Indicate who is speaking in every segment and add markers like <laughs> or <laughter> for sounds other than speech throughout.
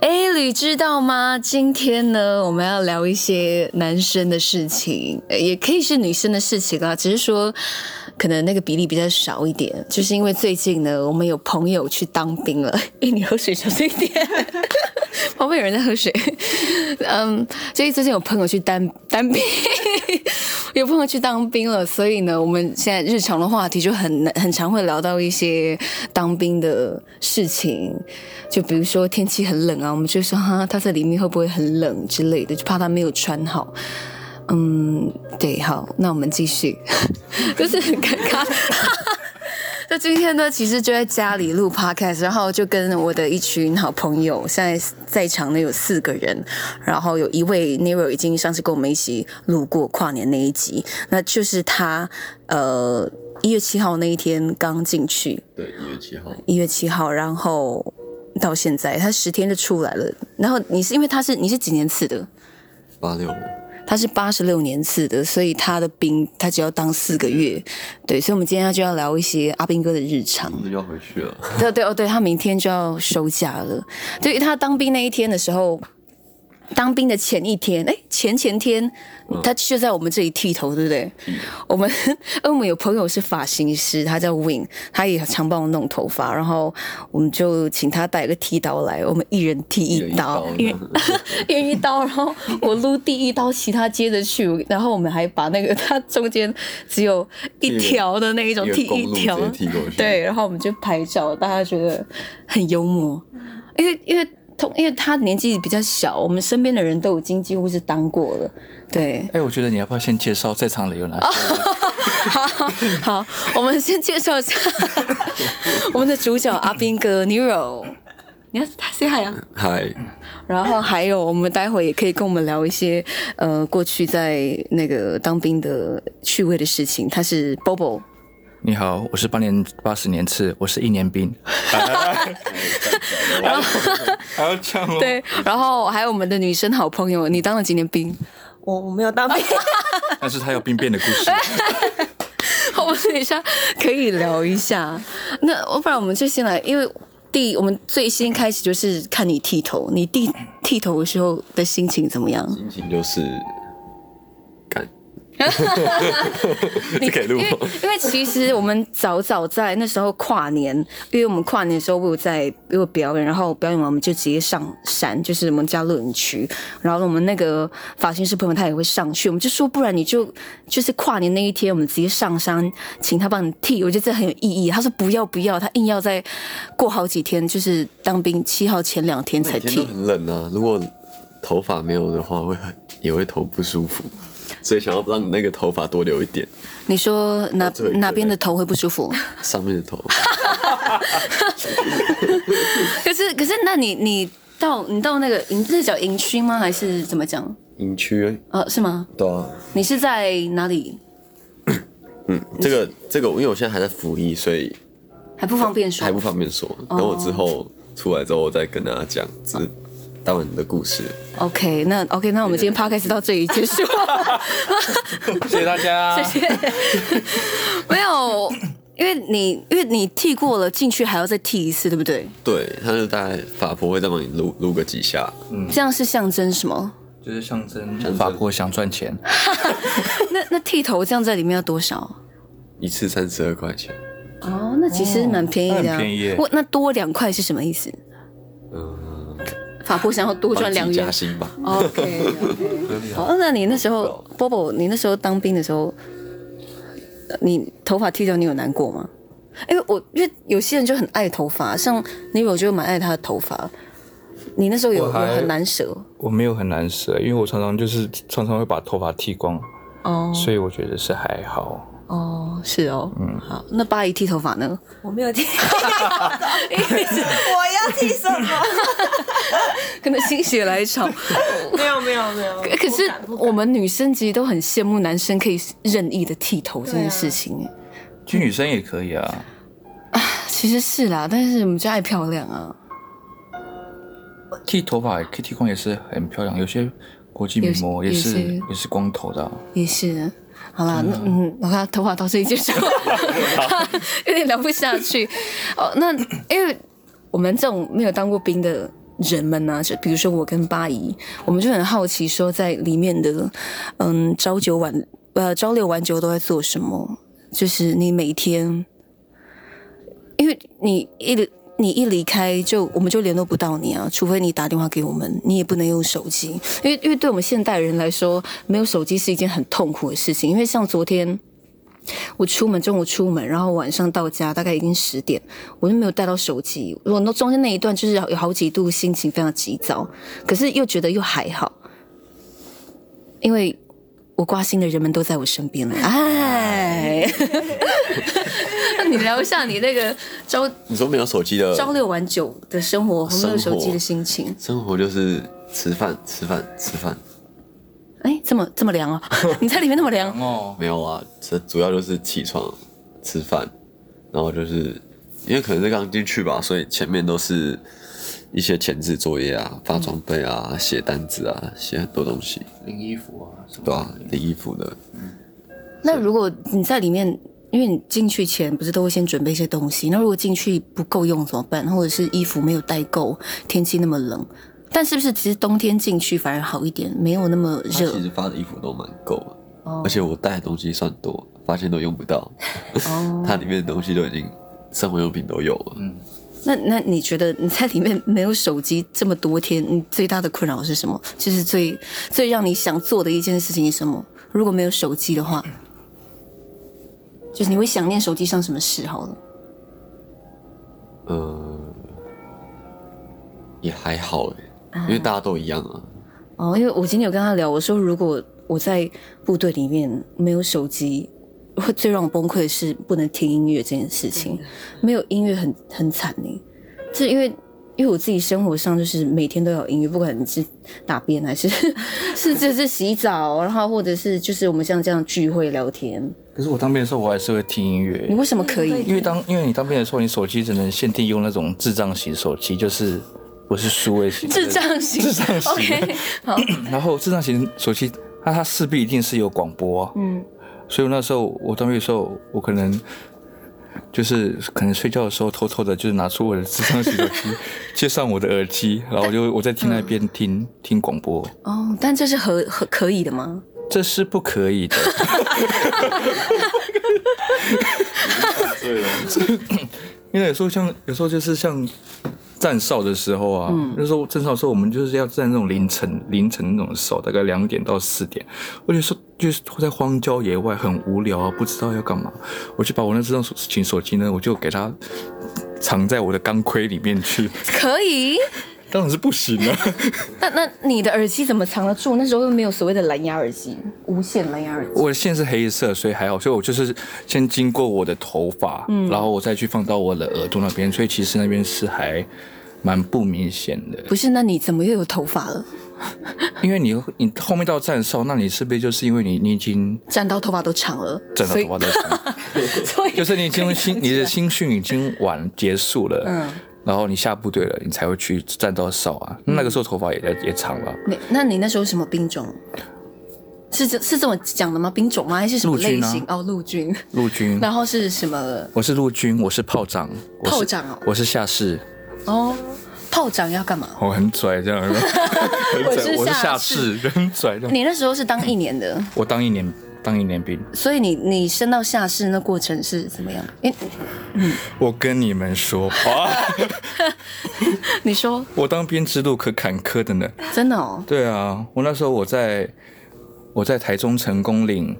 Speaker 1: 哎，你知道嗎？今天呢，我們要聊一些男生的事情，也可以是女生的事情啦，只是說可能那個比例比較少一點，就是因為最近呢，我們有朋友去當兵了。哎， <laughs> 你喝水少一點，旁 <laughs> 邊有人在喝水。嗯，所以最近有朋友去當當兵。 <laughs> 有朋友去當兵了，所以呢，我們現在日常的話題就很難，很常會聊到一些當兵的事情，就比如說天氣很冷啊，我們就說哈，他在裡面會不會很冷之類的，就怕他沒有穿好。嗯，對，好，那我們繼續， <laughs> 就是很尷尬。 <laughs> 那今天呢，其實就在家裡錄 Podcast，然後就跟我的一群好朋友，現在在場的有四個人，然後有一位 Nero 已經上次跟我們一起錄過跨年那一集，那就是他，呃，一月七號那一天剛進去，對，
Speaker 2: 一月七號，
Speaker 1: 一月七號，然後到現在他十天就出來了，然後你是因為他是你是幾年次的？八六。他是八十六年次的，所以他的兵他只要當四個月，對，所以我們今天就要聊一些阿兵哥的日常。就要回去了對。對對哦，對他明天就要收假了，所以他當兵那一天的時候。當兵的前一天，哎、欸，前前天，嗯，他就在我們這裡剃頭，對不對？嗯、我們，而我們有朋友是髮型師，他叫 Win，他也常幫我弄頭髮。然後我們就請他帶個剃刀來，我們一人剃一刀，因為一,一,一， <laughs> 一,一刀，然後我擼第一刀， <laughs> 其他接着去。然後我們還把那個他中間只有一條的那一種剃一條，對，然後我們就拍照，大家覺得很幽默，因、嗯、為因為。因為因為他年紀比較小，我們身邊的人都已經幾乎是當過了，對。
Speaker 3: 哎、欸，我覺得你要不要先介紹在場的有哪些、
Speaker 1: 啊哦？好，好好 <laughs> 我們先介紹一下 <laughs> <laughs> <laughs> 我們的主角 <laughs> 阿兵哥 Nero，你好，大家好呀。嗨。然後還有，我們待會兒也可以跟我們聊一些呃，過去在那個當兵的趣味的事情。他是 Bobo。
Speaker 3: 你好，我是八年八十年次，我是一年兵，
Speaker 2: 啊、 <laughs> 還
Speaker 3: 要嗆我哦？對，
Speaker 1: 然後還有，我們的女生好朋友，你當了幾年兵？我我沒有當兵，啊、
Speaker 3: <laughs> 但是她有兵變的故事。
Speaker 1: <laughs> <laughs> 我們等一下可以聊一下。那我不然我們就先來，因為第我們最先開始就是看你剃頭，你第剃頭的時候的心情怎麼樣？
Speaker 4: 心情就是。
Speaker 2: 哈 <laughs> 哈你 <laughs> 因為 <laughs> 因為
Speaker 1: 其實我們早早在那時候跨年，因為我們跨年的時候，我有在做表演，然後表演完我們就直接上山，就是我們家樂園區。然後我們那個髮型師朋友他也會上去，我們就說，不然你就就是跨年那一天，我們直接上山，請他幫你剃。我覺得這很有意義。他說不要不要，他硬要再過好幾天，就是當兵七號前兩天才剃。很
Speaker 4: 冷啊，如果頭髮沒有的話，會很也會頭不舒服。所以想要讓你那個頭髮多留一點。
Speaker 1: 你說哪哪邊的頭會不舒服？
Speaker 4: 上面的頭。
Speaker 1: 可 <laughs> 是 <laughs> <laughs> <laughs> 可是，可是那你你到你到那個營，你那個、那是叫營區嗎？還是怎麼講？
Speaker 4: 營區、欸。呃、啊，是嗎？對啊。
Speaker 1: 你是在哪裡？ <coughs> 嗯，
Speaker 4: 這個這個，因為我現在還在服役，所以
Speaker 1: 還不方便說，還不
Speaker 4: 方便說。便說哦、等我之後出來之後再跟大家講。到了你的故事。
Speaker 1: OK，那 OK，那我們今天 podcast 到這裡結束了。
Speaker 4: <laughs> <laughs> 謝謝大家、啊。謝謝。
Speaker 1: <laughs> 沒有，因為你因為你剃過了，進去還要再剃一次，對不對？
Speaker 4: 對，他就大概法婆會再幫你擼擼個幾下。
Speaker 1: 嗯，這樣是象徵什麼？就
Speaker 3: 是象徵、就
Speaker 4: 是、法婆想賺錢
Speaker 1: <laughs> <laughs> 那。那剃頭這樣在裡面要多少？
Speaker 4: 一次三十二塊錢。
Speaker 1: 哦，那其實蠻便宜的。哦、便宜。那多兩塊是什麼意思？嗯。法國想要多賺兩元，加薪吧。OK。好，那你那時候，Bobo，你那時候當兵的時候，你頭髮剃掉，你有難過嗎？因為我，因為有些人就很愛頭髮，像 Nero，就蠻愛他的頭髮。你那時候有有很難捨？
Speaker 3: 我沒有很難捨，因為我常常就是常常會把頭髮剃光，哦、oh.，所以我覺得是還好。哦，是哦，嗯，
Speaker 1: 好，那八姨剃頭髮呢？
Speaker 5: 我沒有剃頭髮， <laughs> <laughs> 我要剃什麼？
Speaker 1: 可 <laughs> 能 <laughs> 心血來潮， <laughs> 沒有沒有沒有。可是我們女生其實都很羨慕男生可以任意的剃頭這件事情，欸，其
Speaker 3: 實、啊、女生也可以啊，啊。
Speaker 1: 其實是啦，但是我們就愛漂亮啊。
Speaker 3: 剃頭髮、以剃，剃光也是很漂亮，有些國際名模也是也是，也是光頭的、啊，
Speaker 1: 也是。好了，嗯，我看、嗯、頭髮倒是一節說，
Speaker 2: <laughs> 好
Speaker 1: <laughs> 有點聊不下去。哦、oh,，那因為我們這種沒有當過兵的人們呢、啊，就比如說我跟八姨，我們就很好奇說，在裡面的，嗯，朝九晚，呃，朝六晚九都在做什麼？就是你每天，因為你一直。你一離開就我們就聯絡不到你啊，除非你打電話給我們，你也不能用手機，因為因為對我們現代人來說，沒有手機是一件很痛苦的事情。因為像昨天我出門，中午出門，然後晚上到家大概已經十點，我就沒有帶到手機。我那中間那一段就是有好幾度心情非常急躁，可是又覺得又還好，因為我掛心的人們都在我身邊了，哎。你聊一下你那個朝， <laughs> 你說沒有手機的朝六晚九的生活，沒有手機的心情。
Speaker 4: 生活，生活就是吃飯、吃飯、吃飯。
Speaker 1: 哎，這麼這麼涼啊， <laughs> 你在裡面那麼涼哦？
Speaker 4: 沒有啊，這主要就是起床、吃飯，然後就是因為可能是剛進去吧，所以前面都是一些前置作業啊、發裝備啊、寫、嗯、單子啊、寫很多東西。領
Speaker 3: 衣
Speaker 4: 服、啊、衣服啊，對啊，領衣服的。
Speaker 1: 嗯。那如果你在裡面。因為你進去前不是都會先準備一些東西，那如果進去不夠用怎麼辦？或者是衣服沒有帶夠，天氣那麼冷，但是不是其實冬天進去反而好一點，沒有那麼熱？其
Speaker 4: 實發的衣服都蠻夠，哦，而且我帶的東西算多，發現都用不到，它、哦、 <laughs> 裡面的東西都已經生活用品都有
Speaker 1: 了。嗯。那那你覺得你在裡面沒有手機這麼多天，你最大的困擾是什麼？就是最最讓你想做的一件事情是什麼？如果沒有手機的話，嗯就是你會想念手機上什麼事？好了，嗯、
Speaker 2: 呃，也
Speaker 4: 還好，啊，因為大家都一樣啊。
Speaker 1: 哦，因為我今天有跟他聊，我說如果我在部隊裡面沒有手機，會最讓我崩潰的是不能聽音樂這件事情。沒有音樂很很慘呢，就是因為因為我自己生活上就是每天都有音樂，不管你是打邊還是 <laughs> 是就是洗澡，然後或者是就是我們像這樣聚會聊天。
Speaker 3: 可是我當兵的時候，我還是會聽音樂。你為什麼可以？因為當因為你當兵的時候，你手機只能限定用那種智障型手機，就是不是數位型。智障型。智障型。OK。好。然後智障型手機，那它勢必一定是有廣播。嗯。所以我那時候我當兵的時候，我可能就是可能睡覺的時候，偷偷的就是拿出我的智障型手機，接上我的耳機，然後我就我在聽那邊聽聽廣播、嗯嗯。
Speaker 1: 哦，但這是合合可以的嗎？
Speaker 3: 這是不可以的。哈哈哈哈哈！哈哈哈哈哈！因為有時候像有時候就是像站哨的時候啊，有時候站哨的時候我們就是要站那種凌晨、凌晨那種的時候，大概兩點到四點。我就是就是在荒郊野外很無聊啊，不知道要幹嘛，我就把我那支那種警手機呢，我就給它藏在我的鋼盔裡面去。
Speaker 1: 可以。
Speaker 3: 當然是不行了。
Speaker 1: 那那你的耳機怎麼藏得住？那時候又沒有所謂的藍牙耳機，無線藍牙耳
Speaker 3: 機。我的線是黑色，所以還好。所以我就是先經過我的頭髮，嗯，然後我再去放到我的耳朵那邊。所以其實那邊是還蠻不明顯的。不是？
Speaker 1: 那你怎麼又有頭髮了？
Speaker 3: 因為你你後面到站哨的時候，那你是不是就是因為你你已經
Speaker 1: 站到頭髮都長了？站到頭髮都長
Speaker 3: 了，所以 <laughs> <laughs> 就是你已經新，你的新訓已經完結束了。嗯。然後你下部隊了，你才會去站到哨啊。那個時候頭髮也、嗯、也長了。
Speaker 1: 你那你那時候什麼兵種？是是這麼講的嗎？兵種嗎？還是什麼類型？啊、哦，陸軍。
Speaker 3: 陸軍。 <laughs> 然
Speaker 1: 後是什麼？
Speaker 3: 我是陸軍，我是炮長。炮長、哦、我是、我是下士。
Speaker 1: 哦。炮長要幹嘛？
Speaker 3: 我很拽，這樣
Speaker 1: 子。 <laughs> 我是下士，
Speaker 3: 很拽。你那
Speaker 1: 時候是當一年的。
Speaker 3: <laughs> 我當一年。當一年兵，
Speaker 1: 所以你你升到下士那過程是怎麼樣？欸、
Speaker 3: <laughs> 我跟你們說話，
Speaker 1: <laughs> 你說
Speaker 3: 我當兵之路可坎坷的呢，
Speaker 1: 真的哦。
Speaker 3: 對啊，我那時候我在我在台中成功嶺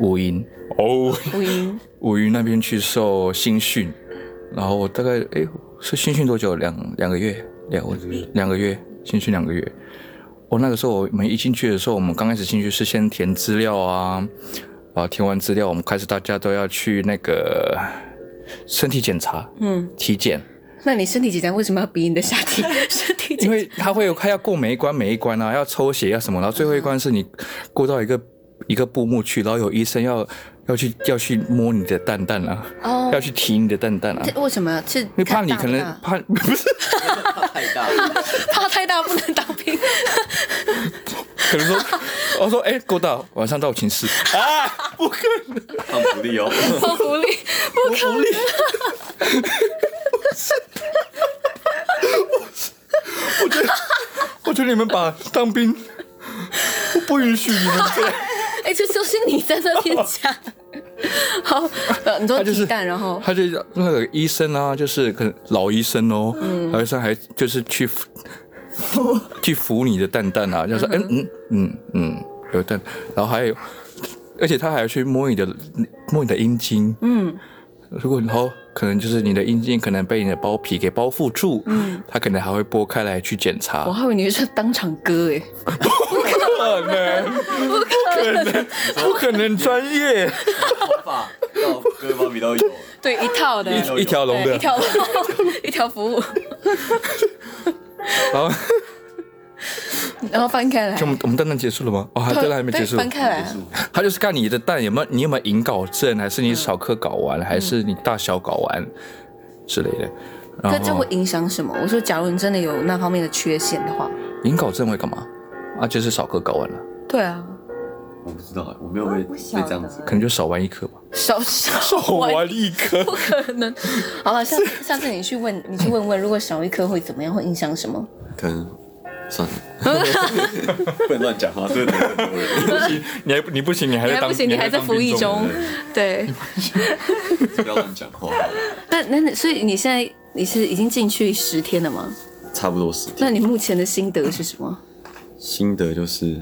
Speaker 3: 五營哦，五營五營那邊去受新訓，然後我大概哎是、欸、新訓多久？兩兩個月，兩兩個月，兩個月新訓兩個月。我、oh, 那個時候，我們一進去的時候，我們剛開始進去是先填資料啊，啊，填完資料，我們開始大家都要去那個身體檢查，嗯，體檢。
Speaker 1: 那你身體檢查為什麼要比你的下體？
Speaker 2: <laughs> 身體
Speaker 3: 檢查？因為他會有他要過每一關每一關啊，要抽血要什麼，然後最後一關是你過到一個一個布幕去，然後有醫生要。要去要去摸你的蛋蛋啊！哦，要去提你的蛋蛋啊為、哦！
Speaker 1: 為什麼？是因為怕你可能怕，不是怕太
Speaker 3: 大
Speaker 2: 怕太大不能當兵。能當兵
Speaker 3: 可能說，我說哎，夠、欸、大，晚上到我寢室。啊，不可能，發福利哦，發
Speaker 2: 福利，不可能我不利我，我
Speaker 3: 覺得，我覺得你們把當兵。 <laughs> 不允許你
Speaker 1: 來。哎、 <laughs> 欸，就是，就是你在那邊講，好，很多雞蛋，然後他
Speaker 3: 就那，是，個、 <laughs> 就是就是，醫生啊，就是可能老醫生哦、嗯，老醫生還就是去
Speaker 2: <laughs>
Speaker 3: 去扶你的蛋蛋啊，就是嗯嗯嗯嗯有蛋，然後還有，而且他還要去摸你的摸你的陰莖，嗯，如果然後可能就是你的陰莖可能被你的包皮給包覆住，嗯，他可能還會剝開來去檢查，我
Speaker 1: 還以為你是當場割哎。 <laughs>
Speaker 3: 不可能，不可能，不可能專業。方法要各方面
Speaker 1: 都有。對，一套的一，一條龍的，一條龍，一條服務。
Speaker 3: 然後，
Speaker 1: 然後翻開來。我
Speaker 3: 們我們蛋蛋結束了嗎？哦，還沒結束。翻開來、啊。他就是看你的蛋你有沒有，你有沒有隱睪症，還是你少顆睪丸，還是你大小睪丸之類的。那這會
Speaker 1: 影響什麼？我說，假如你真的有那方面的缺陷的話，
Speaker 3: 隱睪症會幹嘛？啊，就是少顆睾丸了。對啊，我不知道，我沒有被、啊、被這樣子，可能就少玩一顆吧。
Speaker 1: 少少
Speaker 3: 玩一
Speaker 2: 顆不可能。
Speaker 1: 好了，下次你去問，你去問問，如果少一顆會怎麼樣，會影響什麼？
Speaker 4: 可能算了，
Speaker 1: <laughs>
Speaker 4: <laughs> 不能亂講話。對對哈哈你不
Speaker 3: 行，你還，你不行，你還在當，你還，你還在服役中。
Speaker 1: 對，對 <laughs> 不要亂講話。那那所以你現在你是已經進去十天了嗎？差不多十天。那你目前的心得是什麼？ <laughs>
Speaker 4: 心得就是，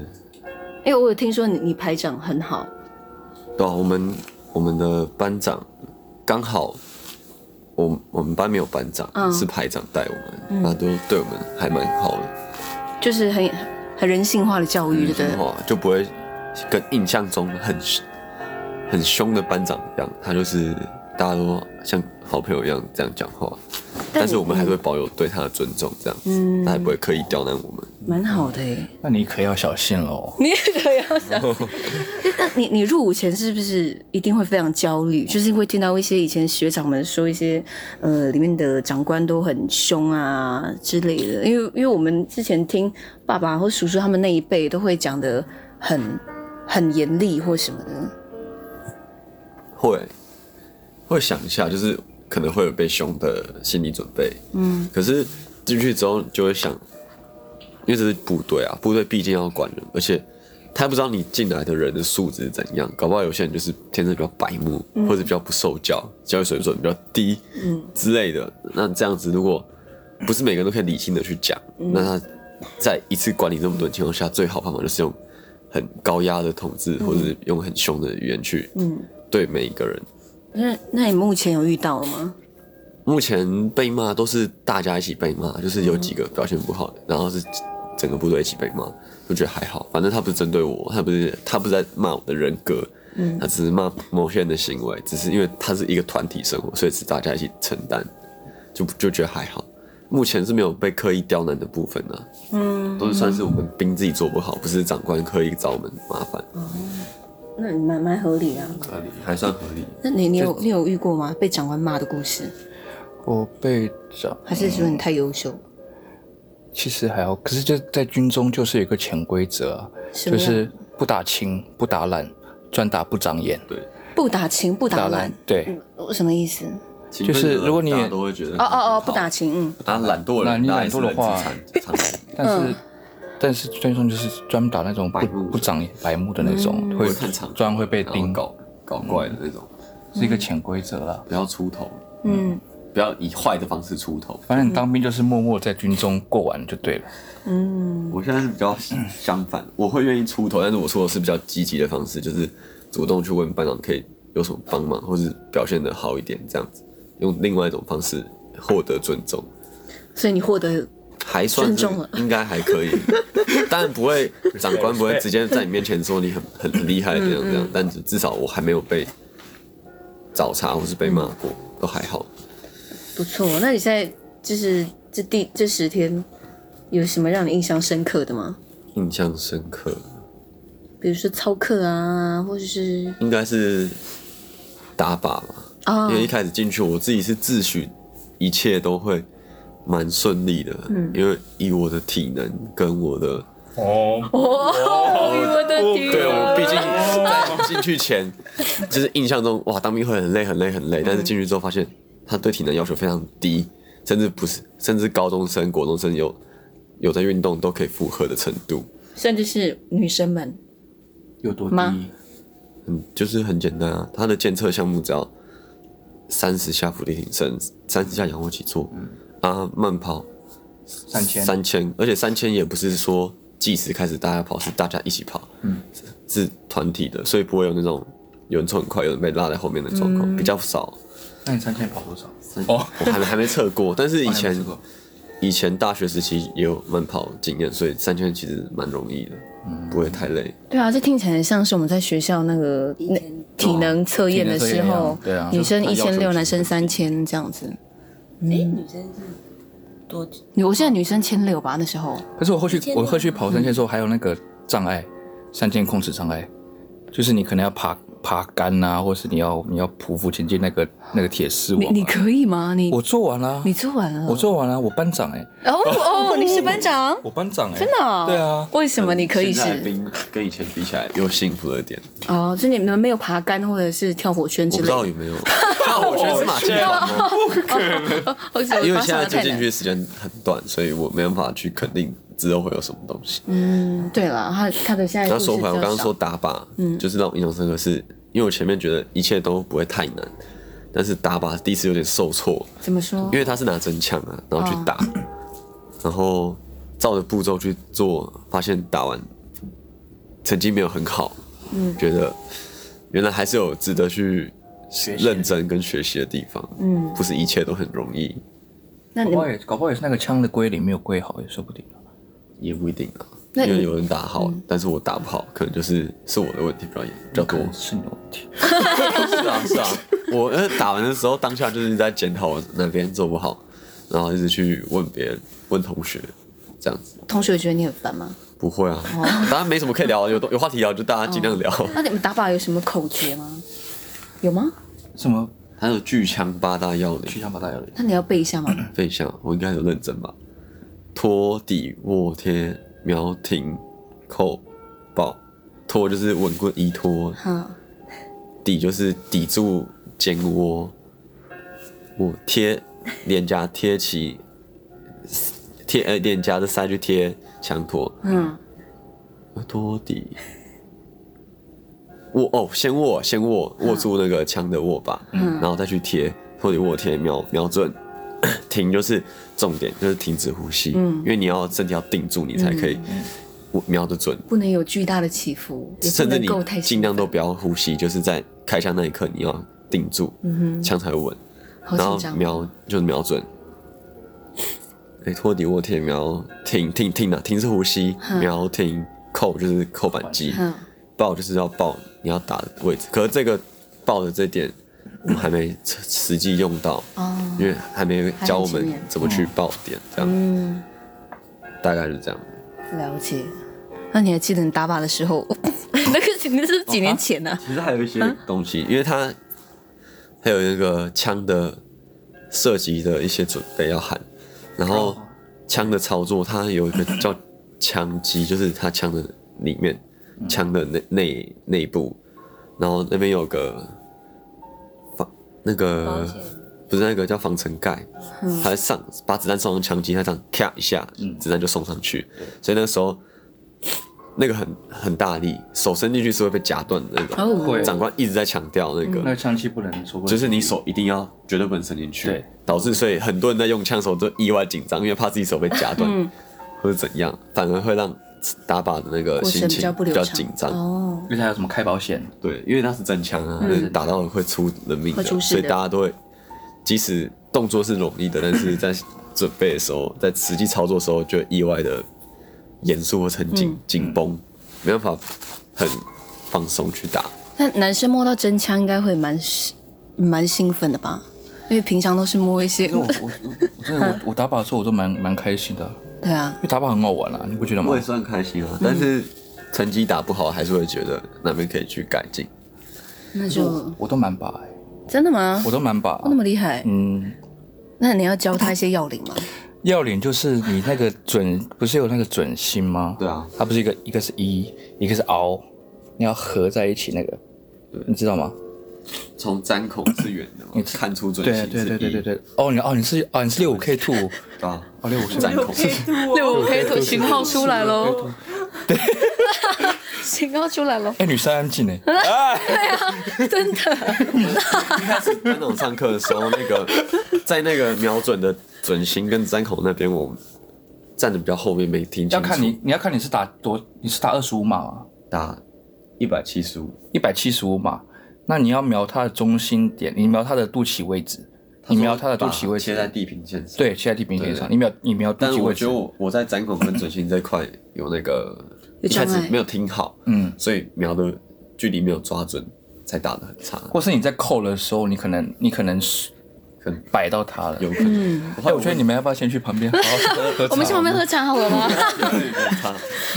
Speaker 1: 哎、欸，我有聽說你你排長很好，
Speaker 4: 對啊，我們我們的班長剛好我我們班沒有班長，嗯，是排長帶我們，他都對我們還蠻好的，嗯，
Speaker 1: 就是很很人性化的教育，對不對？
Speaker 4: 就不會跟印象中很很兇的班長一樣，他就是大家都像。好朋友一樣，這樣講話但，但是我們還是會保有對他的尊重，這樣子，他、嗯、還不會刻意刁難我們。
Speaker 1: 蠻、嗯、好的、欸、
Speaker 4: 那你可以要小心嘍！
Speaker 1: 你可要小心。那、哦、你你入伍前是不是一定會非常焦慮？就是會聽到一些以前學長們說一些，呃，裡面的長官都很凶啊之類的。因為，因為我們之前聽爸爸或叔叔他們那一輩都會講得很很嚴厲或什麼的。
Speaker 4: 會會想一下，就是。可能會有被凶的心理準備，嗯，可是進去之後就會想，因為這是部隊啊，部隊畢竟要管人，而且他不知道你進來的人的素質怎樣，搞不好有些人就是天生比較白目，嗯、或者比較不受教，教育水準比較低，嗯，之類的。那這樣子如果不是每個人都可以理性的去講，嗯，那他在一次管理這麼多情況下，最好方法就是用很高壓的統治，嗯、或者是用很凶的語言去對每一個人。
Speaker 1: 那那你目前有遇到了嗎？
Speaker 4: 目前被罵都是大家一起被罵，嗯，就是有幾個表現不好的，然後是整個部隊一起被罵，就覺得還好。反正他不是針對我，他不是他不是在罵我的人格，嗯，他只是罵某些人的行為，只是因為他是一個團體生活，所以是大家一起承擔，就就覺得還好。目前是沒有被刻意刁難的部分呢，啊，
Speaker 2: 嗯，都是算是我們
Speaker 4: 兵自己做不好，不是長官刻意找我們麻煩。嗯
Speaker 1: 那你蠻蠻合理啊，合
Speaker 3: 理還算合理。
Speaker 1: 那你你有你有遇過嗎？被長官罵的故事？
Speaker 3: 我被長？還是說
Speaker 1: 你太優秀？嗯？
Speaker 3: 其實還好，可是就在軍中就是有一個潛規則，就是不打勤不打懶，專打不長眼。對，
Speaker 1: 不打勤不打懶，對，嗯，什麼意思？
Speaker 3: 就是如果你也都會覺
Speaker 1: 得哦哦哦不，嗯，不打勤，嗯，
Speaker 3: 打懶惰，那你懶惰的話，惰人是人是， <laughs> 但是。嗯但是最終就是專門打那種不白的不長白目的那種，嗯、會專會被釘搞搞怪的那種，嗯、是一個潛規則啦，不、嗯、要出頭，嗯，不、嗯、要以壞的方式出頭。嗯、反正你當兵就是默默在軍中
Speaker 4: 過完就對了。嗯，我現在是比較相反，嗯、我會願意出頭，但是我說的是比較積極的方式，就是主動去問班長可以有什麼幫忙、嗯，或是表現得好一點這樣子，用另外一種方式獲得尊重。
Speaker 1: 所以你獲得。
Speaker 4: 還算應該還可以，但不會 <laughs> 長官不會直接在你面前說你很很厲害這樣這樣，嗯嗯，但至少我還沒有被找茬或是被罵過，嗯、都還好。
Speaker 1: 不錯，那你現在就是這第這十天有什麼讓你印象深刻的嗎？
Speaker 4: 印象深刻，
Speaker 1: 比如說操課啊，或者是
Speaker 4: 應該是打靶吧，oh. 因為一開始進去我自己是自詡一切都會。蠻順利的，嗯，因為以我的體能跟我的，嗯、
Speaker 2: 哦，哦，以我的體能，啊哦，對，我畢竟在進、
Speaker 4: 哦、去前， <laughs> 就是印象中哇，當兵會很累很累很累，但是進去之後發現他對體能要求非常低，嗯，甚至不是，甚至高中生、國中生有有在運動，都可以符合的程度，
Speaker 1: 甚至是女生們
Speaker 4: 有多低嗎？嗯，就是很簡單啊，他的檢測項目只要三十下伏地挺身，三十下仰臥起坐。嗯啊，慢跑三
Speaker 3: 千，
Speaker 2: 三
Speaker 4: 千，而且三千也不是說計時開始大家跑，是大家一起跑，嗯，是團體的，所以不會有那種有人衝很快，有人被拉在後面的狀況、嗯，比較少。那你
Speaker 3: 三千跑多
Speaker 4: 少？哦，我還還沒測過， <laughs> 但是以前以前大學時期也有慢跑經驗，所以三千其實蠻容易的、嗯，不會太累。
Speaker 1: 對啊，這聽起來像是我們在學校那個體能測驗的時候、哦，對啊，女生一千六，男生三千這樣子。
Speaker 5: 哎、嗯欸，女生是
Speaker 1: 多久？我現在女生千六吧那時候。可是我後續我後續跑三千的時
Speaker 3: 候，還有那個障礙、嗯、三千控制障礙，就是你可能要爬爬桿吶、啊，或是你要你要匍匐前進那個那個鐵絲網、啊你。你可以嗎？你我做完了、啊。你做完了？我做完了、啊。我班長哎、
Speaker 2: 欸。哦哦，你是班長。
Speaker 3: 我，我班長哎、欸。真的、哦。對啊。為什麼你可以是？跟以前比起來又
Speaker 4: 幸福了點。
Speaker 1: 哦，是你們沒有爬桿或者是跳火圈之類的。我不知道有沒有。 <laughs>
Speaker 4: 我覺
Speaker 1: 得是馬戲 <laughs> 因為現在就進去
Speaker 4: 時間很短，所以我沒辦法去肯定之後會有什麼東西。
Speaker 1: 嗯，對了，他他的一在他說，回來，我剛剛說
Speaker 4: 打靶，就是讓我印象深刻，是因為我前面覺得一切都不會太難，但是打靶第一次有點受挫。
Speaker 1: 怎麼說？因
Speaker 4: 為他是拿真槍啊，然後去打，然後照着步驟去做，發現打完成績沒有很好。覺得原來還是有值得去，認真跟學習的地方，嗯，不是一切都很容易。
Speaker 3: 那搞不，也
Speaker 4: 搞不好也是那個槍的歸零沒有歸好，也說不定。也不一定啊，因為有人打好，嗯，但是我打不好，可能就是是我的問題比較嚴比
Speaker 3: 較多。你是你的問
Speaker 2: 題。 <laughs> <laughs> 是啊是
Speaker 4: 啊，我打完的時候，當下就是在檢討我哪邊做不好，然後一直去問別人，問同學這樣子。
Speaker 1: 同學覺得你很煩嗎？
Speaker 4: 不會啊，當、哦、然沒什麼可以聊，有有話題聊就大家盡量聊，哦。那
Speaker 1: 你們打靶有什麼口訣嗎？有嗎？
Speaker 3: 什麼？
Speaker 4: 還有據槍八大要領。據槍八大要領。
Speaker 1: 那你要背一下嗎？
Speaker 4: 背一下，我應該有認真吧。托底握貼瞄停扣抱。托就是穩棍依托。
Speaker 2: 好。
Speaker 4: 底就是抵住肩窩。握貼臉頰貼起，貼呃臉頰的腮去貼槍托。
Speaker 2: 嗯。
Speaker 4: 托底。握哦，先握，先握，握住那個槍的握把，嗯，然後再去貼托底握貼，瞄瞄準，停就是重點，就是停止呼吸，嗯，因為你要身體要定住，你才可以，我瞄得準、嗯
Speaker 1: 嗯，不能有巨大的起伏，甚
Speaker 4: 至你盡量都不要呼吸，就是在開槍那一刻你要定住，嗯
Speaker 2: 哼，槍才會穩，好，然後瞄
Speaker 4: 就是瞄準，哎，托底握貼瞄停停停啊，停止呼吸，瞄停扣就是扣扳機，爆、嗯、就是要爆。你要打的位置，可是這個爆的這點我們還沒實際用到、嗯，因為還沒教我們怎麼去爆點、嗯，這樣、嗯，大概是這樣。
Speaker 1: 了解，那你還記得你打靶的時候， <laughs> 那個那是幾年前呢、啊哦啊？其實
Speaker 4: 還有一些東西，嗯、因為它還有那個槍的射擊的一些準備要喊，然後槍的操作，它有一個叫槍機，就是它槍的裡面。槍的內內內部，然後那邊有個防那個
Speaker 2: 防，
Speaker 4: 不是那個叫防塵蓋，它、嗯、上把子彈送上槍機，它這樣卡一下，嗯、子彈就送上去。所以那個時候那個很很大力，手伸進去是會被夾斷的那種、嗯。長官一直在強調那個，那個
Speaker 3: 槍器不能，就是
Speaker 4: 你手一定要絕對不能伸進去對，導致所以很多人在用槍手都意外緊張，因為怕自己手被夾斷、嗯、或者怎樣，反而會讓。打靶的那個心情比較緊張哦，因為他有什麼開保險？對，因為那是真槍啊，嗯、打到會出人命出的，所以大家都會，即使動作是容易的，但是在準備的時候， <laughs> 在實際操作的時候就會意外的嚴肅和很緊緊繃，沒辦法很
Speaker 3: 放鬆去打。
Speaker 1: 但男生摸到真槍應該會蠻蠻興奮的吧？因為平常都是摸一些 <laughs> 我。
Speaker 3: 我我我，我打靶的時候我都蠻蠻開心的、啊。對啊，因為打靶很好玩啊。你不覺得嗎？我也算開心啊，但是成績打不好，還是會覺得哪邊可以去改進。
Speaker 1: 那就
Speaker 3: 我都滿靶哎，
Speaker 1: 真的嗎？我都滿靶，啊，那麼厲害？嗯，那你要教他一些要領嗎？
Speaker 3: 要，嗯、領就是你那個準，不是有那個準心嗎？ <laughs> 對啊，它不是一個，一個是一、e，一個是凹，你要合在一起那個，你知道嗎？從針孔之遠的，你咳咳看出準心。對對對對對對，咳咳哦，你哦你是哦你是六五 K two 啊。咳咳咳咳六五黑頭，
Speaker 1: 六五黑頭型號出來咯。對，型 <laughs> <laughs> 號出來咯。哎、
Speaker 4: 欸，女生安靜呢？哎、啊，
Speaker 2: 對
Speaker 4: 啊，真的。一開始班長上課的時候， <laughs> 那個在那個瞄準的準星跟站口那邊，我站的比較後面，沒聽清楚。要看你，
Speaker 3: 你要看你是打多，你是打二十五碼、啊，打一百七十五，一百七十五碼，那你要瞄它的中心點，你瞄它的肚臍位置。你瞄他的肚臍位置會切在地平線上，對，切在地平線上。你瞄你瞄，但你瞄肚臍位置。我覺得我
Speaker 4: 在展孔跟準心這塊有那個、嗯、
Speaker 3: 一開始沒有
Speaker 4: 聽好，嗯，所以瞄的
Speaker 3: 距離沒有抓準，才打得很差。或是你在扣的時候，你可能你可能是可能擺到他了，有可能。嗯、我覺得你們要不要先去旁邊？好好喝茶 <laughs> 我們去旁邊喝
Speaker 2: 茶好了嗎？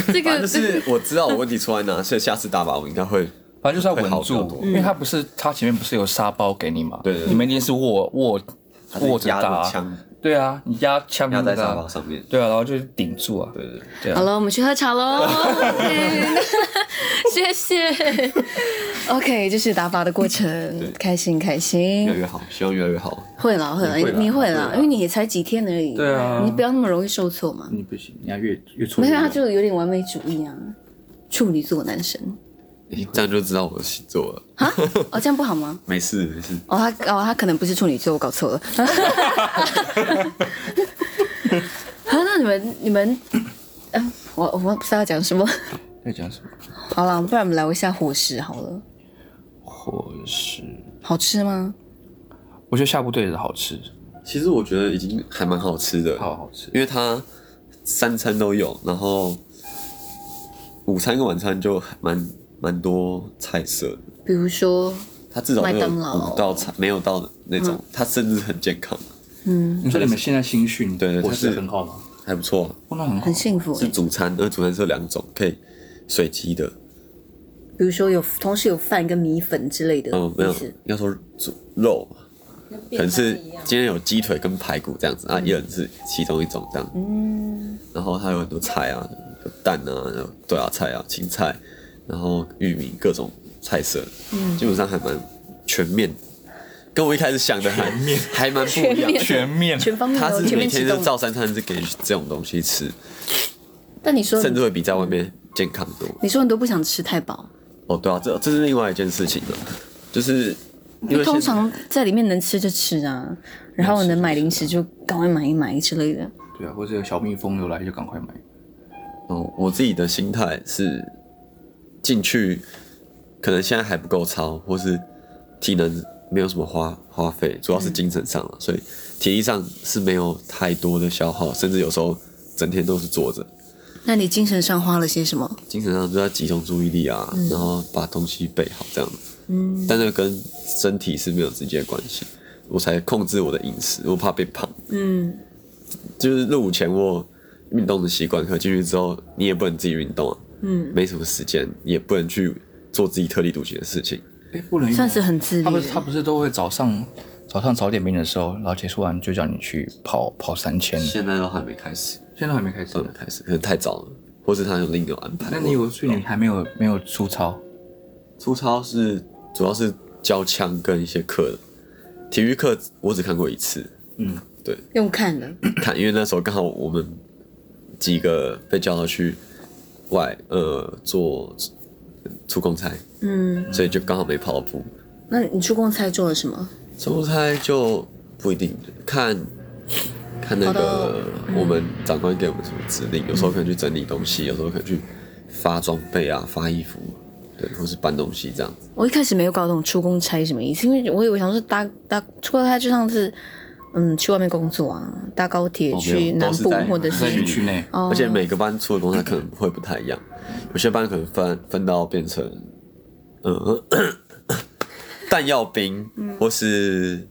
Speaker 2: <laughs> 這個是
Speaker 4: 我知道我問題出在哪，所以下次打靶我應
Speaker 3: 該會。反正就是要穩住，因為他不是他前面不是有沙包給你嘛？對對、對。你們一定是握握握着打、啊、打，對啊，你壓槍壓在沙包上面，對啊，然後就頂住啊、啊。對對對。好了、啊，Hello,
Speaker 1: 我們去喝茶嘍。 <laughs> <laughs> <laughs> 謝謝。OK，就是打靶的過程，開心開心，越來
Speaker 3: 越好，希望越來越好。
Speaker 4: 會
Speaker 1: 啦會啦，你會啦，因為你也才幾天而已。對啊。你不要那麼容易受挫嘛。你不行，
Speaker 3: 你要越越挫。沒有，他
Speaker 1: 就是有點完美主義啊，處女座男神。
Speaker 4: 這樣就知道我的星座了啊？哦，
Speaker 1: 這樣不好嗎？
Speaker 4: <laughs> 沒事，沒事。
Speaker 1: 哦，他哦，他可能不是處女座，我搞錯了。 <laughs> <laughs> <laughs> 啊，那你們你們，嗯，我我不知道要講什麼。在講什麼？好了，不然我們聊一下伙食好了。
Speaker 3: 伙食好吃嗎？我覺
Speaker 4: 得下部隊的好吃。其實我覺得已經還蠻好吃的，好好吃，因為它三餐都有，然後午餐跟晚餐就還蠻。蠻多菜色的，
Speaker 1: 比如說他至少有五
Speaker 4: 道菜，沒有到的那種。他、嗯、甚至很健康、啊。嗯，
Speaker 1: 你說你們現
Speaker 4: 在新訓對伙食對對是，很好嗎？還不錯、啊
Speaker 1: 哦，很幸福、欸。是主
Speaker 4: 餐，而主餐是兩種，可以水雞的，
Speaker 1: 比如說有同時有飯跟米粉之類的。嗯、啊，沒有，
Speaker 4: 要說煮肉可能是今天有雞腿跟排骨這樣子、嗯、啊，一人是其中一種這樣。嗯，然後它有很多菜啊，蛋啊，豆芽菜啊，青菜、啊。然後玉米各種菜色，嗯，基本上還蠻全面，跟我一開始想的還面還蠻不一樣。全面，全方面、面，他是每天就照三餐是給這種東西吃，
Speaker 1: 但你說甚至
Speaker 4: 會比在外面健康多、嗯？
Speaker 1: 你說你都不想吃太飽？
Speaker 4: 哦，對啊，這這是另外一件事情了，就是因
Speaker 1: 為，因為通常在裡面能吃就吃啊，然後能買零食就趕快買一買之類的。
Speaker 4: 對啊，或者有小蜜蜂有來就趕快買。哦，我自己的心態是。進去可能現在還不夠操，或是體能沒有什麼花花費，主要是精神上了、嗯，所以體力上是沒有太多的消耗，甚至有時候整天都是坐着。
Speaker 1: 那你精神上花了些什麼？
Speaker 4: 精神上就要集中注意力啊，嗯、然後把東西備好這樣子。嗯，但是跟身體是沒有直接關係，我才控制我的飲食，我怕被胖。嗯，就是入伍前我運動的習慣，可進去之後你也不能自己運動啊。嗯，沒什麼時間，也不能去
Speaker 3: 做自己特立獨行的事情。
Speaker 1: 哎、欸，不能算是很自律。他不，他
Speaker 3: 不是都會早上早上早點名的時候，然後結束完就叫你去跑跑三千。現在都還沒開始，現在都還沒開始。還沒開始、嗯、沒開始，可能太早了。或是他有另一個安排。那你有去年還沒有沒有出操？
Speaker 4: 出操是主要是教槍跟一些課的。體育課我只看過一次。嗯，對。
Speaker 1: 用看的，
Speaker 4: 看， <coughs> 因為那時候剛好我們幾個被叫到去。外呃做出公差，
Speaker 1: 嗯，
Speaker 4: 所以就剛好沒跑步、嗯。
Speaker 1: 那你出公差做了什麼？
Speaker 4: 出差就不一定，看看那個、嗯、我們長官給我們什麼指令，有時候可能去整理東西，嗯、有時候可能去發裝備啊、發衣服，對，或是搬東西這樣。
Speaker 1: 我一開始沒有搞懂出公差什麼意思，因為我以為想說搭搭出公差就像是。嗯，去外面工作啊，搭高鐵、哦、去南部，或者是，是，
Speaker 4: 而且每個班出的工作可能會不太一樣、嗯，有些班可能分分到變成，呃、嗯，彈藥 <coughs> 兵，或是，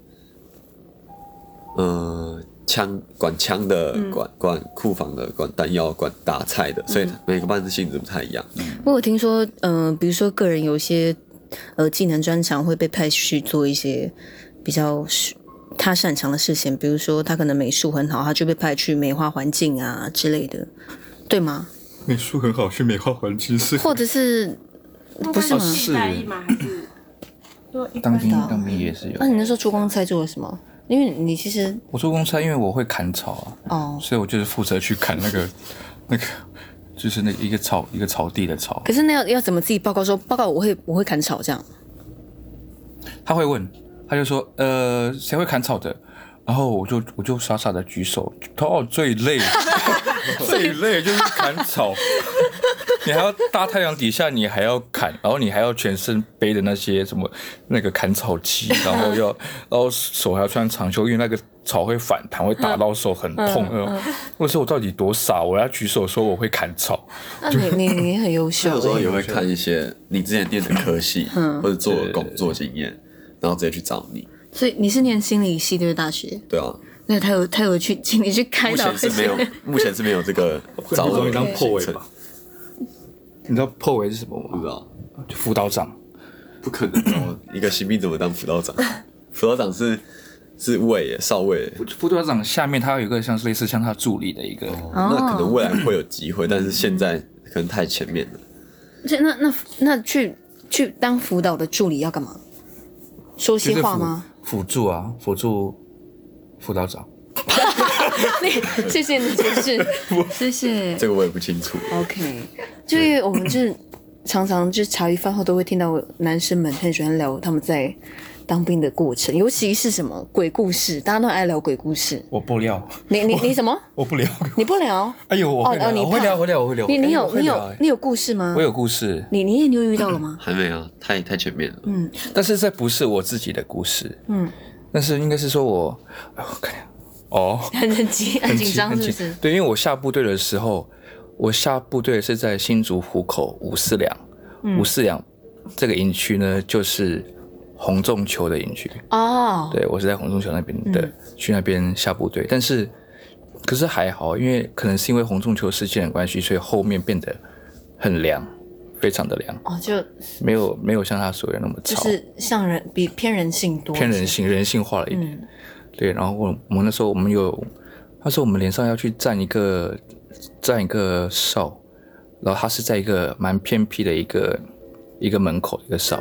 Speaker 4: 呃，槍管槍的管、嗯、管庫房的管彈藥管打菜的，所以每個班的性質不太一樣。
Speaker 1: 嗯、不過我聽說，呃，比如說個人有些呃技能專長會被派去做一些比較。他擅長的事情，比如說他可能美術很好，他就被派去美化環境啊之類的，對嗎？
Speaker 3: 美術很好，去美化環境是。或
Speaker 1: 者是不是嗎？哦、
Speaker 3: 是。
Speaker 1: <coughs> 當兵當兵也是有。那、啊、你那時候出公差做了什麼？因為你，你其實
Speaker 3: 我出公差，因為我會砍草啊，哦，所以我就是負責去砍那個 <laughs> 那個，就是那個一個草一個草地的草。可
Speaker 1: 是那要要怎麼自己報告說，報告我會我會砍草這樣？
Speaker 3: 他會問？他就說：“呃，誰會砍草的？”然後我就我就傻傻的舉手。他說哦，最累，最累就是砍草。 <laughs> 你還要大太陽底下，你還要砍，然後你還要全身背的那些什麼那個砍草機，然後要，然後手還要穿長袖，因為那個草會反彈，會打到手很痛。那時候我到底多傻？我要舉手說我會砍草。你就
Speaker 1: 你你很優秀。 <laughs> 我有時候也會看
Speaker 3: 一些你之前
Speaker 4: 念的科系、嗯，或者做工作經驗。對對對然後直接去找你，
Speaker 1: 所以你是念心理系對不對，大學？對啊。那他有他有去請你去開導去，目前是沒有，
Speaker 4: 目前是沒有這個。 <laughs> 找我當破圍吧、okay. 你知道破圍是什麼嗎？不知道。輔
Speaker 3: 導長？ <coughs> 不可能哦、喔！ <coughs> 一個新兵怎麼當輔導長？輔 <coughs> 導長是是位耶少尉。輔導長下面他有一個像是類似像他助理的一個。Oh. 那可能未來會有機會， <coughs> 但是現在可能太前面
Speaker 1: 了。嗯、那那那那去去當輔導的助理要幹嘛？說心話嗎、就
Speaker 3: 是輔？輔助啊，輔助輔導長 <laughs>
Speaker 1: <laughs> <laughs> 謝謝你的提示，謝謝。 <laughs> 我 <laughs> <laughs>
Speaker 3: 這個我也不清楚。OK，
Speaker 1: 就因為我們就是常常就茶餘飯後都會聽到男生們很喜歡聊他們在。當兵的過程，尤其是什麼鬼故事，大家都愛聊鬼故事。
Speaker 3: 我不聊。
Speaker 1: 你你你什麼？我我不聊。你不聊？
Speaker 3: 哎呦，我會聊，哦、你我，會聊我會聊，我會聊。你你有、欸、你有你有，
Speaker 1: 你有故事嗎？我有故事。你你也又遇到了嗎？嗯、
Speaker 3: 還沒有，太太前面了。嗯，但是這不是我自己的故事。嗯，但是應該是說我，哎呦、我看哦，很緊張，很緊張是不是？對，因為我下部隊的時候，我下部隊是在新竹湖口五四兩、嗯、五四兩這個營區呢，就是。紅中秋的營區。
Speaker 2: 哦、oh,，對
Speaker 3: 我是在洪仲丘那邊的、嗯，去那邊下部隊，但是可是還好，因為可能是因為洪仲丘事件的關係，所以後面變得很涼，非常的涼哦，oh, 就沒有沒有像他所說那麼操，就是
Speaker 1: 像人比偏人性多，偏人
Speaker 3: 性人性化了一點、嗯，對，然後我們那時候我們有，那時候我們連上要去站一個站一個哨，然後他是在一個蠻偏僻的一個一個門口一個哨。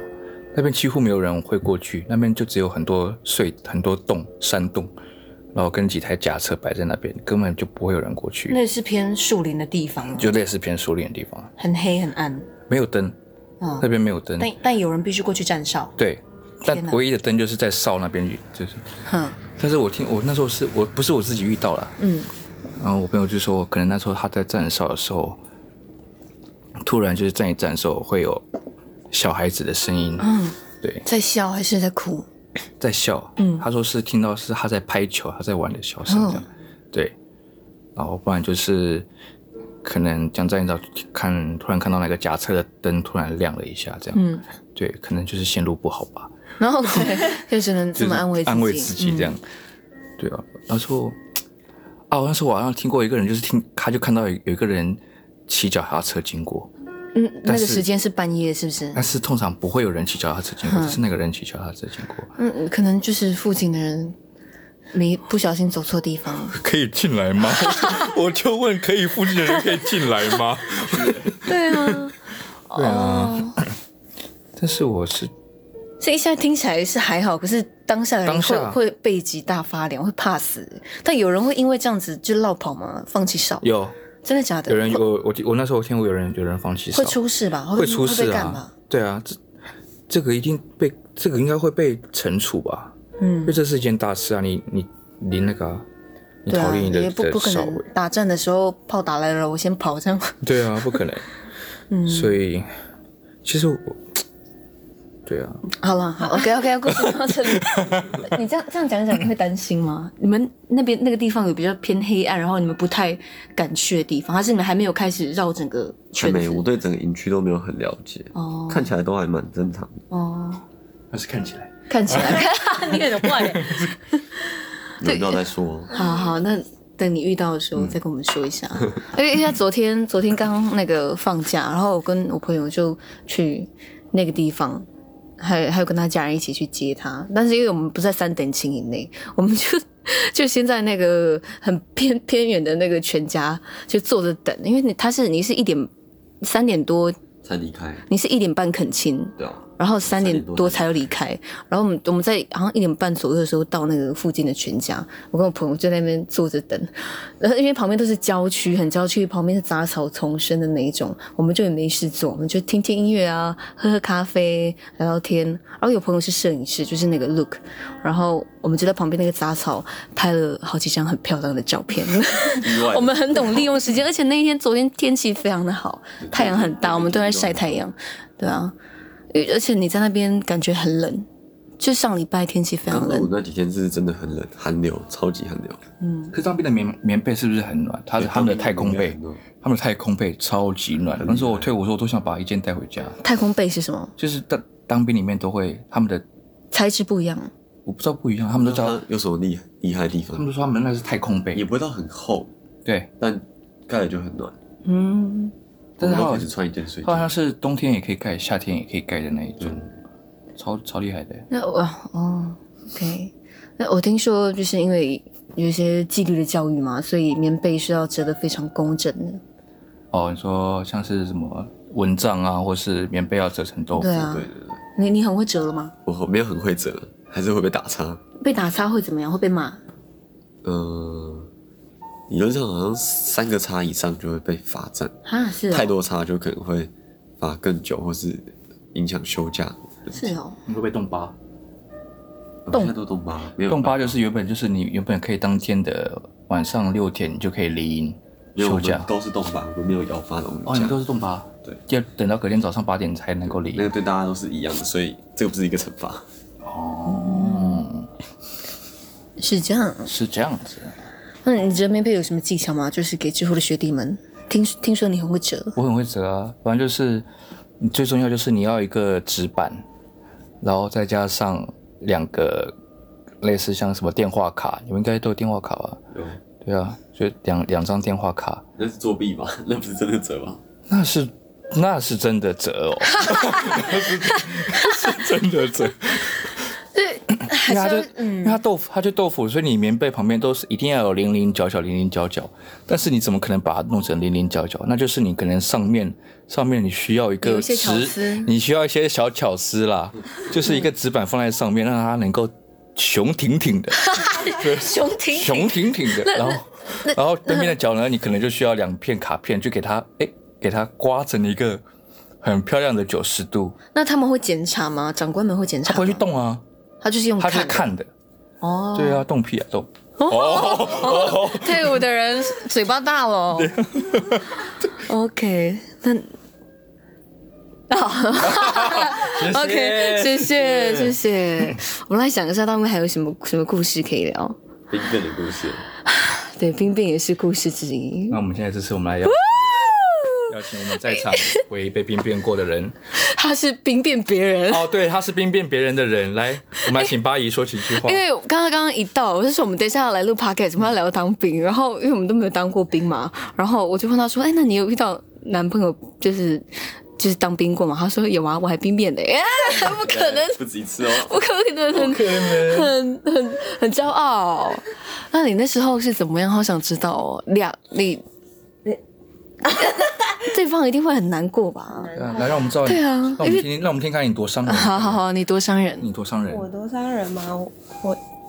Speaker 3: 那邊幾乎沒有人會過去，那邊就只有很多碎很多洞山洞，然後跟幾台甲車擺在那邊，根本就不會有人過去。那
Speaker 1: 是偏樹林、林的地方，就類
Speaker 3: 似偏樹林的地方，
Speaker 1: 很黑很暗，沒有燈、嗯，
Speaker 3: 那邊沒有燈。但
Speaker 1: 但有人必須過去站哨。
Speaker 3: 對，但唯一的燈就是在哨那邊，就是。
Speaker 1: 哼、
Speaker 3: 嗯，但是我聽我那時候是我不是我自己遇到
Speaker 2: 了，
Speaker 3: 嗯，然後我朋友就說可能那時候他在站哨的時候，突然就是站一站的時候會有。小孩子的聲音，嗯，對，在
Speaker 1: 笑還是在哭，
Speaker 3: <laughs> 在笑，嗯，他說是聽到是他在拍球，他在玩的笑聲，這樣。哦。對，然後不然就是可能江在一到看突然看到那個甲車的燈突然亮了一下，這樣，嗯，對，可能就是線路不好吧，然、
Speaker 1: 嗯、後 <laughs> <laughs> 就只能這麼安慰安慰自己這樣，嗯、
Speaker 3: 對啊，那時候啊，那時候我好、啊、像聽過一個人，就是聽他就看到有有一個人騎腳踏車經過。
Speaker 1: 嗯，那個時間是半夜，是不是，是？
Speaker 3: 但是通常不會有人騎腳踏車經過，嗯、是那個人騎腳踏車經過。嗯，
Speaker 1: 可能就是附近的人沒，沒不小心走錯地方。
Speaker 3: 可以進來嗎？ <laughs> <laughs> 我就問，可以附近的人可以進來嗎？ <laughs>
Speaker 1: <laughs> 對啊，
Speaker 3: <laughs> 對啊。 <laughs> 但是我是
Speaker 1: 這一下聽起來是還好，可是當下的人會會背脊大發涼，會怕死。但有人會因為這樣子就落跑嗎？放棄哨有。真的假的？
Speaker 3: 有人有我，我那時候聽，我有人有人放棄，會出
Speaker 1: 事吧？會出事啊！幹嘛？
Speaker 3: 對啊，這這個一定被這個應該會被懲處吧？嗯，
Speaker 1: 因為這
Speaker 3: 是一件大事啊！你你你那個、啊啊，你逃離你的，也不，的不可能
Speaker 1: 打仗的時候炮，打來了，我先跑這樣
Speaker 3: 嗎？對啊，不可能。 <laughs> 嗯，
Speaker 1: 所
Speaker 3: 以其實我。
Speaker 1: 對啊，好了，好，OK，OK，、okay, okay、要故事
Speaker 2: 到
Speaker 1: 這裡。 <laughs> 你這樣這樣講一講，你會擔心嗎？你們那邊那個地方有比較偏黑暗，然後你們不太敢去的地方，還是你們還沒有開始繞整個圈？
Speaker 4: 還沒，我對整個營區都沒有很了解哦。看起來都還蠻正常的哦，還是看起來？看起來，哈 <laughs> 哈 <laughs> 你很怪、欸。對， <laughs> <laughs> 你到再說、
Speaker 1: 啊。好好，那等你遇到的時候、嗯、再跟我們說一下。 <laughs> 而且，而且昨天昨天剛剛那個放假，然後我跟我朋友就去那個地方。還還有跟他家人一起去接他，但是因為我們不在三等親以內，我們就就先在那個很偏偏遠的那個全家就坐着等，因為他是你是一點三點多才離開，你是一點半懇親，對啊。然後三點多才要離開，然後我們我們在好像一點半左右的時候到那個附近的全家，我跟我朋友就在那邊坐着等，然後因為旁邊都是郊區，很郊區，旁邊是雜草叢生的那一種，我們就也沒事做，我們就聽聽音樂啊，喝喝咖啡，聊聊天。然後有朋友是攝影師，就是那個 Look，然後我們就在旁邊那個雜草拍了好幾張很漂亮的照片。 <laughs> 我們很懂利用時間，而且那一天昨天天氣非常的好，太陽很大、那個很，我們都在曬太陽，對啊。而且你在那邊感覺很冷，就上禮拜天氣非常冷。
Speaker 3: 剛剛那幾天是真的很冷，寒流，超級寒流。嗯，可是當兵的棉棉被是不是很暖？他他們的太空被，他們的太空被超級暖。那時候我退伍的時候我都想把一件帶回家。
Speaker 1: 太空被是什麼？
Speaker 3: 就是當當兵裡面都會他們的材質不一樣，我不知道不一樣。他們都知道有什麼厲厲害的地方？他們說他們那是太空被，也不會到很厚，對，但蓋了就很暖。
Speaker 2: 嗯。但是它好像我
Speaker 3: 只穿一件睡衣，好像是冬天也可以蓋，夏天也可以蓋的那一種，嗯、超超厲害的。
Speaker 1: 那我哦，OK。那我聽說就是因為有一些紀律的教育嘛，所以棉被是要折得非常工整的。
Speaker 3: 哦，你說像是什麼蚊帳啊，或是棉被要折成豆腐？對
Speaker 1: 對對對。你你很會折了嗎？
Speaker 3: 我沒有很會折，還是會被打叉。
Speaker 1: 被打叉會怎麼樣？會被罵？
Speaker 4: 呃。理論上好像三個差以上就會被罰站、哦，太多差就可能會罰更久，或是影響休
Speaker 3: 假。是哦，你會被凍八，凍太多凍八了，沒有凍就是原本就是你原本可以當天的晚上六點就可以離營休假，我都是凍八，我沒有要發的。哦，你們都是凍八，對，要等到隔天早上八點才能夠離。那個對大家都是一樣的，所以這個不是一個懲罰。哦，是這樣，是這樣子。
Speaker 1: 那你折棉被有什麼技巧嗎？就是給之後的學弟們聽。聽說你很會折，我
Speaker 3: 很會折啊。反正就是，最重要就是你要一個紙板，然後再加上兩個類似像什麼電話卡，你們應該都有電話卡吧？
Speaker 4: 有。
Speaker 3: 對啊，就兩兩張電話卡。那是作弊嗎？
Speaker 4: 那不是真的折嗎？
Speaker 3: 那是那是真的折哦，那 <laughs> <laughs> <laughs> <laughs> 是真的折。
Speaker 2: 因為嗯，它就因為它
Speaker 3: 豆腐，它就豆腐，所以你棉被旁邊都是一定要有零零角角、零零角角。但是你怎麼可能把它弄成零零角角？那就是你可能上面上面你需要一個直一巧，你需要一些小巧思啦，就是一個紙板放在上面，嗯、讓它能夠雄挺挺的，
Speaker 1: 雄 <laughs> 挺雄
Speaker 3: 挺，挺挺的。然後然後對面的角呢，你可能就需要兩片卡片，就給它哎、欸，給它颳成一個很漂亮的九十度。
Speaker 1: 那他們會檢查嗎？長官們會檢查嗎？他會去動啊。他就是用，他是看的，哦，對啊，
Speaker 3: 動屁啊，動，哦、oh, oh,，oh, oh, oh.
Speaker 1: 退伍的人嘴巴大了 <laughs> ，OK，那，
Speaker 2: 好，OK， <laughs> <laughs> 謝謝 <laughs> 謝，謝，謝謝，
Speaker 1: 我們來想一下，他們還有什麼什麼故事可以聊？
Speaker 3: 兵變的故事，
Speaker 1: <laughs> 對，兵變也是故事之一。那我們
Speaker 3: 現在這次我們來聊。 <laughs> 而且我們在場唯一被兵變過的人，
Speaker 1: <laughs> 他是兵變別人
Speaker 3: 哦， <laughs> oh, 對，他是兵變別人的人。來，我們來請八姨說幾句話。 <laughs> 因為
Speaker 1: 剛剛剛剛一到，我是說我們等一下要來錄 podcast，我們要聊當兵。然後，因為我們都沒有當過兵嘛，然後我就問他說：“哎、欸，那你有遇到男朋友就是就是當兵過嗎？”他說：“有啊，我還兵變的、欸 <laughs> 哦，
Speaker 4: 不可能，不止一次哦，不可能，很可能，很很
Speaker 1: 很驕傲。那你那時候是怎麼樣？好想知道哦，兩你。” <laughs> <laughs> 對方一定會很難過吧？
Speaker 3: 來、啊，讓我們照顧。對啊，讓我們聽聽，讓我們聽看你多傷人。好好
Speaker 1: 好，你多傷人，你
Speaker 3: 多傷人，我多
Speaker 5: 傷人嗎？我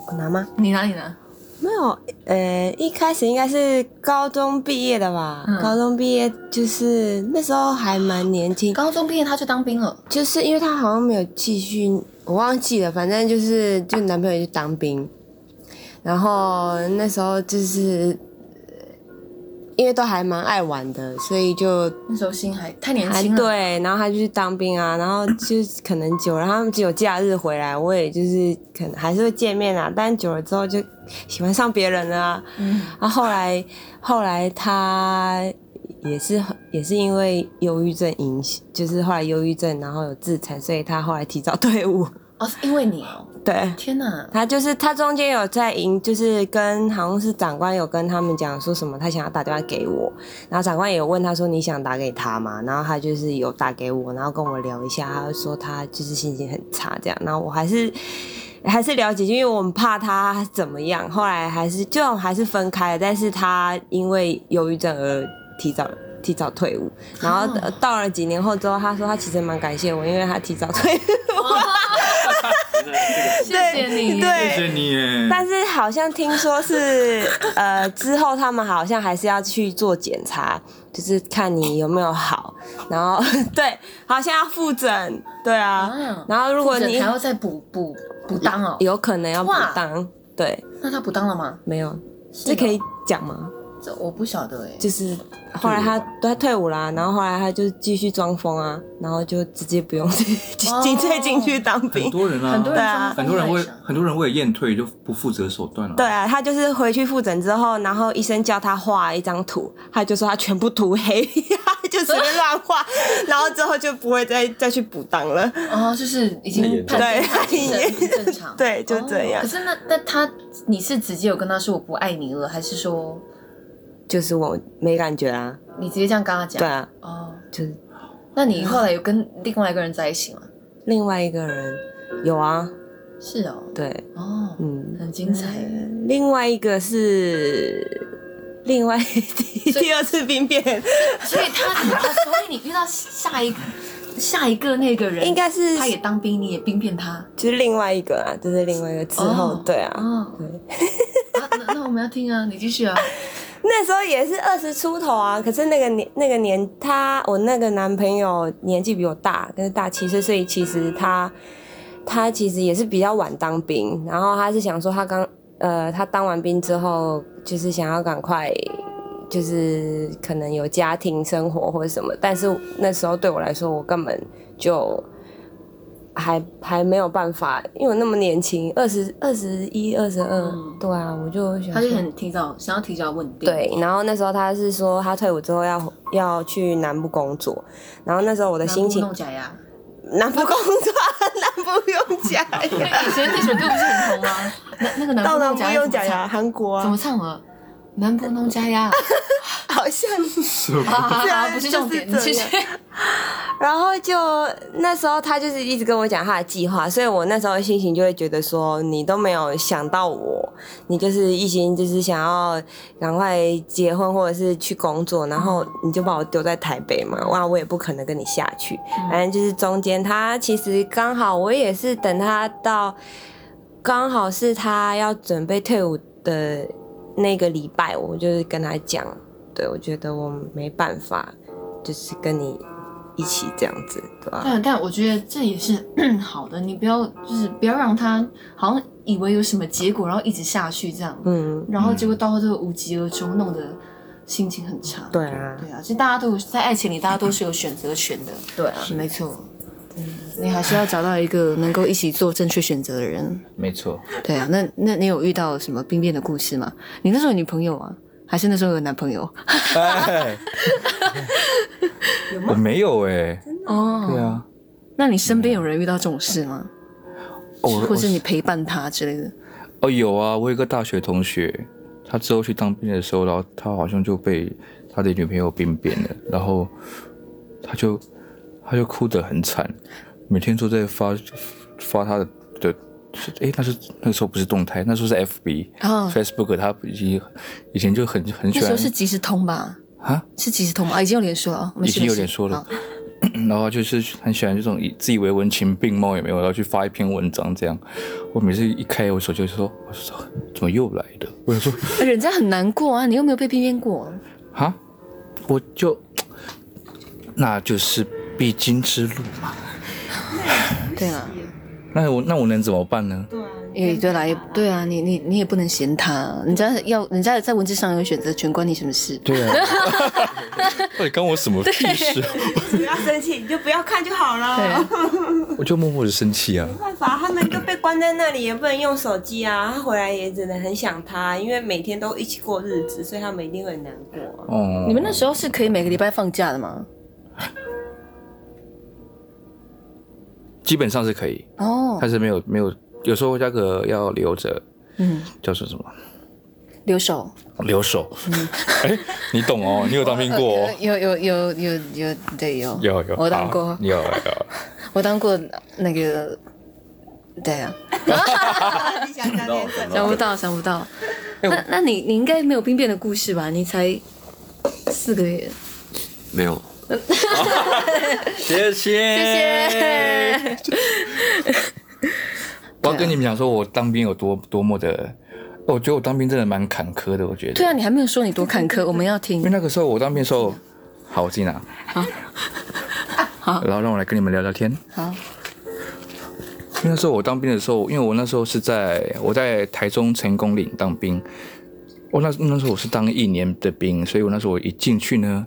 Speaker 5: 我哪嗎？
Speaker 1: 你哪裡
Speaker 5: 呢？沒有，呃，一開始應該是高中畢業的吧？嗯、高中畢業就是那時候還蠻年輕。高中畢業他就當兵了，就是因為他好像沒有繼續，我忘記了，反正就是就男朋友去當兵，然後那時候就是。因為都還蠻愛玩的，所以就那
Speaker 1: 時候心還太年輕
Speaker 5: 對，然後他就去當兵啊，然後就可能久了，然後只有假日回來，我也就是可能還是會見面啊，但久了之後就喜歡上別人了，啊。嗯、然、啊、後後來後來他也是也是因為憂鬱症引，就是後來憂鬱症，然後有自殘，所以他後來提早退伍。哦，是因為你哦？對，天吶，他就是他中間有在營，就是跟好像是長官有跟他們講說什麼，他想要打電話給我，然後長官也有問他說，你想打給他嗎？然後他就是有打給我，然後跟我聊一下，他說他就是心情很差這樣，然後我還是還是了解，因為我們怕他怎麼樣，後來還是就還是分開了，但是他因為憂鬱症而提早提早退伍，然後到了幾年後之後，他說他其實蠻感謝我，因為他提早退
Speaker 2: 伍。 <laughs> <laughs> 謝謝你對對，謝謝你。但
Speaker 5: 是好像聽說是，呃，之後他們好像還是要去做檢查，就是看你有沒有好，然後對，好像要複診，對啊。然後如果你、啊、還要再
Speaker 1: 補補補當哦、喔，
Speaker 5: 有可能要補當，對。那他補當了嗎？沒有，這可以講嗎？
Speaker 1: 這我不曉得哎、欸，就是
Speaker 5: 後來他他退伍啦、啊，然後後來他就繼續裝瘋啊，然後就直接不用進進退
Speaker 3: 進去當兵。很多人啊，很多人、啊，很多人為很多人為了驗退就不負責手段了、啊。
Speaker 5: 對啊，他就是回去複診之後，然後醫生叫他畫一張圖，他就說他全部塗黑， <laughs> 就隨便亂畫， <laughs> 然後之後就不會再再去補當了。 <laughs>
Speaker 1: 哦，就是已經對， <laughs> 他已經正常， <laughs> 對，就這樣。哦、可是那那他，你是直接有跟他說我不愛你了，還是說、嗯？
Speaker 5: 就是我沒感覺啊，
Speaker 1: 你直接這樣跟他講。對啊，哦、oh.，
Speaker 5: 就是，
Speaker 1: 那你後來有跟另外一個人在一起嗎？另外一個人有啊，是哦，
Speaker 5: 對，哦、oh,，嗯，很精彩。嗯、另外一個是另外一第二次兵變，
Speaker 1: 所以他，所以你遇到下一個 <laughs> 下一個那個人，應該是他也當兵，你也兵變他，
Speaker 5: 就是另外一個啊，就是另外一個之後，oh. 對啊，oh.
Speaker 1: 對，啊、那那我們要聽啊，你繼續啊。那時候也是二十出頭啊，可是那個
Speaker 5: 年那個年，他我那個男朋友年紀比我大，但是大七歲，所以其實他他其實也是比較晚當兵，然後他是想說他剛呃他當完兵之後就是想要趕快就是可能有家庭生活或者什麼，但是那時候對我來說我根本就。還還沒有辦法，因為我那麼年輕，二十二十一、二十二，對啊，我就想，想他就很
Speaker 1: 提早想要提早穩定。對，
Speaker 5: 然後那時候他是說他退伍之後要要去南部工作，然後那時候我的心情用假南，南部工作，
Speaker 1: 不 <laughs> 南部用假牙，以前這首歌不是很紅嗎？那那個南部用假牙， <laughs> 牙， <laughs> 牙， <laughs> 牙，韓國、啊、怎麼唱了、啊？能不弄家呀， <laughs> 好像是 <laughs> <laughs> 、
Speaker 2: 啊、是，對 <laughs> 是這樣，不是這
Speaker 5: 種感覺，然後就那時候，他就是一直跟我講他的計劃，所以我那時候心情就會覺得說，你都沒有想到我，你就是一心就是想要趕快結婚或者是去工作，然後你就把我丟在台北嘛，哇，我也不可能跟你下去。嗯、反正就是中間，他其實剛好我也是等他到，剛好是他要準備退伍的，那個禮拜，我就是跟他講，對我覺得我沒辦法，就是跟你一起這樣子，對吧？對啊，
Speaker 1: 但我覺得這也是呵呵好的，你不要就是不要讓他好像以為有什麼結果，然後一直下去這樣，嗯，然後結果到後都無疾而終，弄得心情很差。對啊，對，對啊，其實大家都有在愛情裡，大家都是有選擇權的。 <laughs> 對啊，沒錯。你還是要找到一個能夠一起做正確選擇的人。沒錯。對啊，那那你有遇到什麼兵變的故事嗎？你那時候有女朋友啊，還是那時候有男朋友？
Speaker 3: 欸 <laughs> 欸、我沒有哎、欸。哦。對啊。
Speaker 1: 那你身邊有人遇到這種事嗎？
Speaker 3: 嗯、或者你
Speaker 1: 陪伴他之類的？
Speaker 3: 哦，有啊，我有一個大學同學，他之後去當兵的時候，然後他好像就被他的女朋友兵變了，然後他就。他就哭得很慘，每天都在發發他的的，誒、欸，那是那時候不是動態，那時候是 F B 啊、哦、Facebook，他已經以前就很很喜歡，那時候
Speaker 1: 是即時通吧？啊，是即時通吧？已經有臉說了啊，已經有臉說了，有
Speaker 3: 說了、哦，然後就是很喜歡這種以自以為文情並茂也沒有，然後去發一篇文章這樣。我每次一開我手就說，我說怎麼又來的？我想說
Speaker 1: 人家很難過啊，你又沒有被邊緣過
Speaker 3: 啊，我就那就是。必經之路
Speaker 1: 嘛， <laughs> 對啊，
Speaker 3: 那我那我能怎麼辦呢？
Speaker 1: 欸、對啊，也對啊，你你你也不能嫌他，人家要人家在文字上有選擇權，全關你什麼事？對啊，到
Speaker 3: 底關 <laughs> <laughs> 我什麼屁事？不 <laughs> 要
Speaker 5: 生氣，你就不要看就好了。啊、
Speaker 3: <laughs> 我就默默的生氣啊。 <laughs> 沒辦
Speaker 5: 法，他們就被關在那裡， <laughs> 也不能用手機啊。他回來也只能很想他，因為每天都一起過日子，所以他們一定會難過、啊。哦，你們那時候是可以每個
Speaker 1: 禮拜放假的嗎？ <laughs>
Speaker 3: 基本上是可以哦，但是沒有沒有，有時候那格要留着，嗯，叫、就、做、是、什麼，
Speaker 1: 留守，哦、
Speaker 3: 留守，嗯。哎，你懂哦，你有當兵過哦，有有有
Speaker 1: 有有對有，有有，有，有，有，對有，有，有，我當過，有、啊、有，有 <laughs> 我當過那個，對啊，想不
Speaker 2: 到想不到
Speaker 1: 想不到，不到不到那那你你應該沒有兵變的故事吧？你才四個月，
Speaker 2: 沒有。 <laughs> <laughs> 謝謝謝謝，
Speaker 3: 我要跟你們講說，我當兵有多多麼的，我覺得我當兵真的蠻坎坷的。我覺得。對啊，
Speaker 1: 你還沒有說你多坎坷， <laughs> 我們要聽。
Speaker 3: 因為那個時候我當兵的時候，好，我自己拿好、啊，好，然後讓我來跟你們聊聊天。
Speaker 2: 好，
Speaker 3: 因為那時候我當兵的時候，因為我那時候是在我在台中成功嶺當兵，我那那時候我是當了一年的兵，所以我那時候我一進去呢。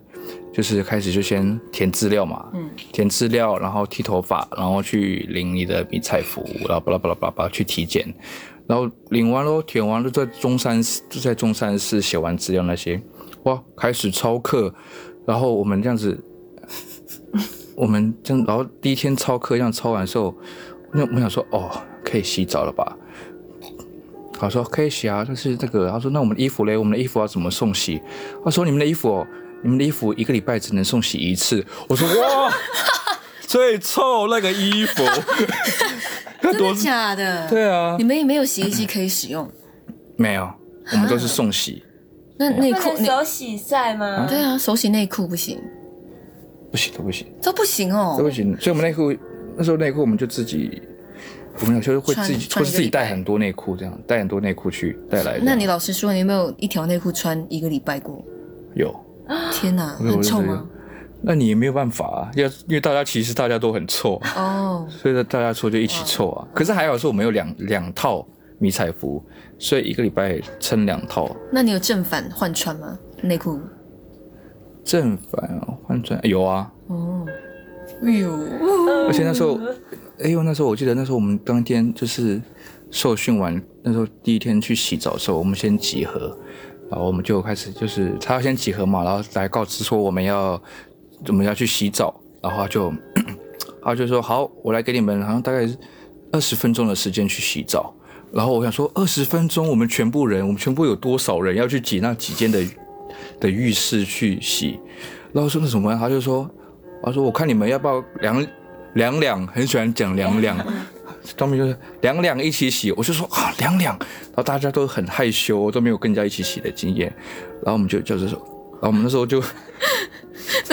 Speaker 3: 就是開始就先填資料嘛，嗯，填資料，然後剃頭髮，然後去領你的迷彩服，然後巴拉巴拉巴拉去體檢，然後領完咯，填完了在中山室就在中山室寫完資料那些，哇，開始操課，然後我們這樣子， <laughs> 我們這樣，然後第一天操課這樣操完之後，那我們想說哦，可以洗澡了吧？他說可以洗啊，但是那個，他說那我們的衣服嘞，我們的衣服要怎麼送洗？他說你們的衣服、哦。你們的衣服一個禮拜只能送洗一次，我說哇， <laughs> 最臭那個衣服 <laughs> <laughs> 多，真的假的？對啊，你
Speaker 1: 們也沒有洗衣機可以使用
Speaker 3: <coughs> 沒有，我們都是送洗。啊、
Speaker 1: 那內褲有洗曬嗎？對啊，手洗內褲不、啊啊、不行，
Speaker 3: 不行都不行，
Speaker 1: 都不行哦，都不
Speaker 3: 行。所以我們內褲那時候內褲我們就自己，我們有時候會自己或是自己帶很多內褲，這樣帶很多內褲去帶來。那你
Speaker 1: 老實說，你有沒有一條內褲穿一個禮拜過？有。天哪，很臭嗎、就
Speaker 3: 是？那你也沒有辦法啊，要因為大家其實大家都很臭哦，所以大家臭就一起臭啊。可是還好說，我們有兩兩套迷彩服，所以一個禮拜也撐兩套。
Speaker 1: 那你有正反換穿嗎？內褲？
Speaker 3: 正反換穿有啊。
Speaker 2: 哦，哎呦，而且那時候，
Speaker 3: 哎呦，那時候我記得那時候我們當天就是受訓完，那時候第一天去洗澡的時候，我們先集合。然後我們就開始，就是他要先集合嘛，然後來告知說我們要，怎麼要去洗澡，然後他就，他就說好，我來給你們，好像大概二十分鐘的時間去洗澡。然後我想說二十分鐘，我們全部人，我們全部有多少人要去擠那幾間的的浴室去洗？然後說那什麼，他就說，他說我看你們要不要兩兩兩，很喜歡講兩兩。他們就是兩兩一起洗，我就說啊兩兩，然後大家都很害羞，都沒有跟人家一起洗的經驗，然後我們就就是說，然後我們那時候就，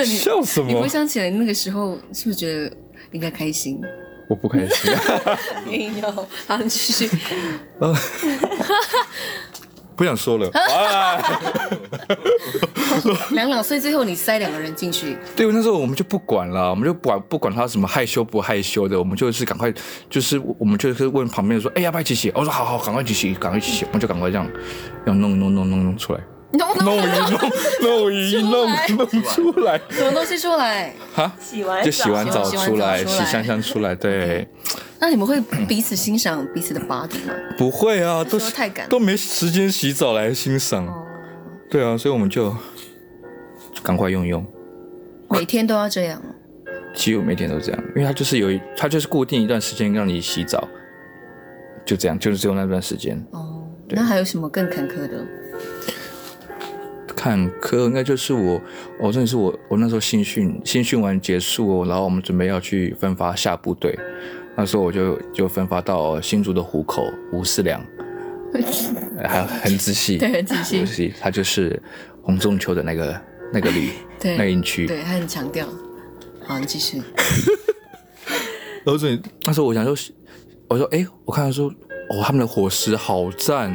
Speaker 2: 笑死我，你回想
Speaker 1: 起來那個時候是不是覺得應該開心？
Speaker 2: 我不開心。
Speaker 1: 沒有，好，繼續。嗯。 <laughs> <laughs> 不想說了。兩兩，所以最後，你塞兩個人
Speaker 3: 進去。對，那時候我們就不管了，我們就不管不管他什麼害羞不害羞的，我們就是趕快，就是我們就是問旁邊說：“哎、欸、呀，要不要一起洗！”我說：“好好，好，趕快一起洗，趕快一起洗。趕快一起洗”我們就趕快這樣，要弄弄弄弄弄出， <laughs> no, no, no, no, no, no, 弄出來，
Speaker 2: 弄一弄，弄一弄，弄出
Speaker 3: 來，
Speaker 1: 什麼東西出來？
Speaker 3: 哈！就洗完，洗完澡出來，洗香香出來，對。嗯
Speaker 1: 那你們會彼此欣賞彼此的 body 嗎？
Speaker 3: 不會啊，都太趕，都沒時間洗澡來欣賞。哦、對啊，所以我們就,就趕快用用。
Speaker 1: 每天都要這樣、哦？
Speaker 3: 其實我每天都這樣，因為它就是有一，它就是固定一段時間讓你洗澡，就這樣，就是只有那段時間。哦，
Speaker 1: 對。那還有什麼更坎坷的？
Speaker 3: 坎坷應該就是我，我、哦、真的是我，我那時候新訓，新訓完結束、哦，然後我們準備要去分發下部隊。那時候我就就分發到新竹的湖口五四兩，還 <laughs> 很仔細，對，很仔細。他 <laughs> 就是洪仲丘的那個那個旅， <laughs> 那一區，對他
Speaker 1: 很強調。好，你繼續。
Speaker 3: 樓主，那時候我想說，我說，哎、欸，我看他說，哦，他們的伙食好讚，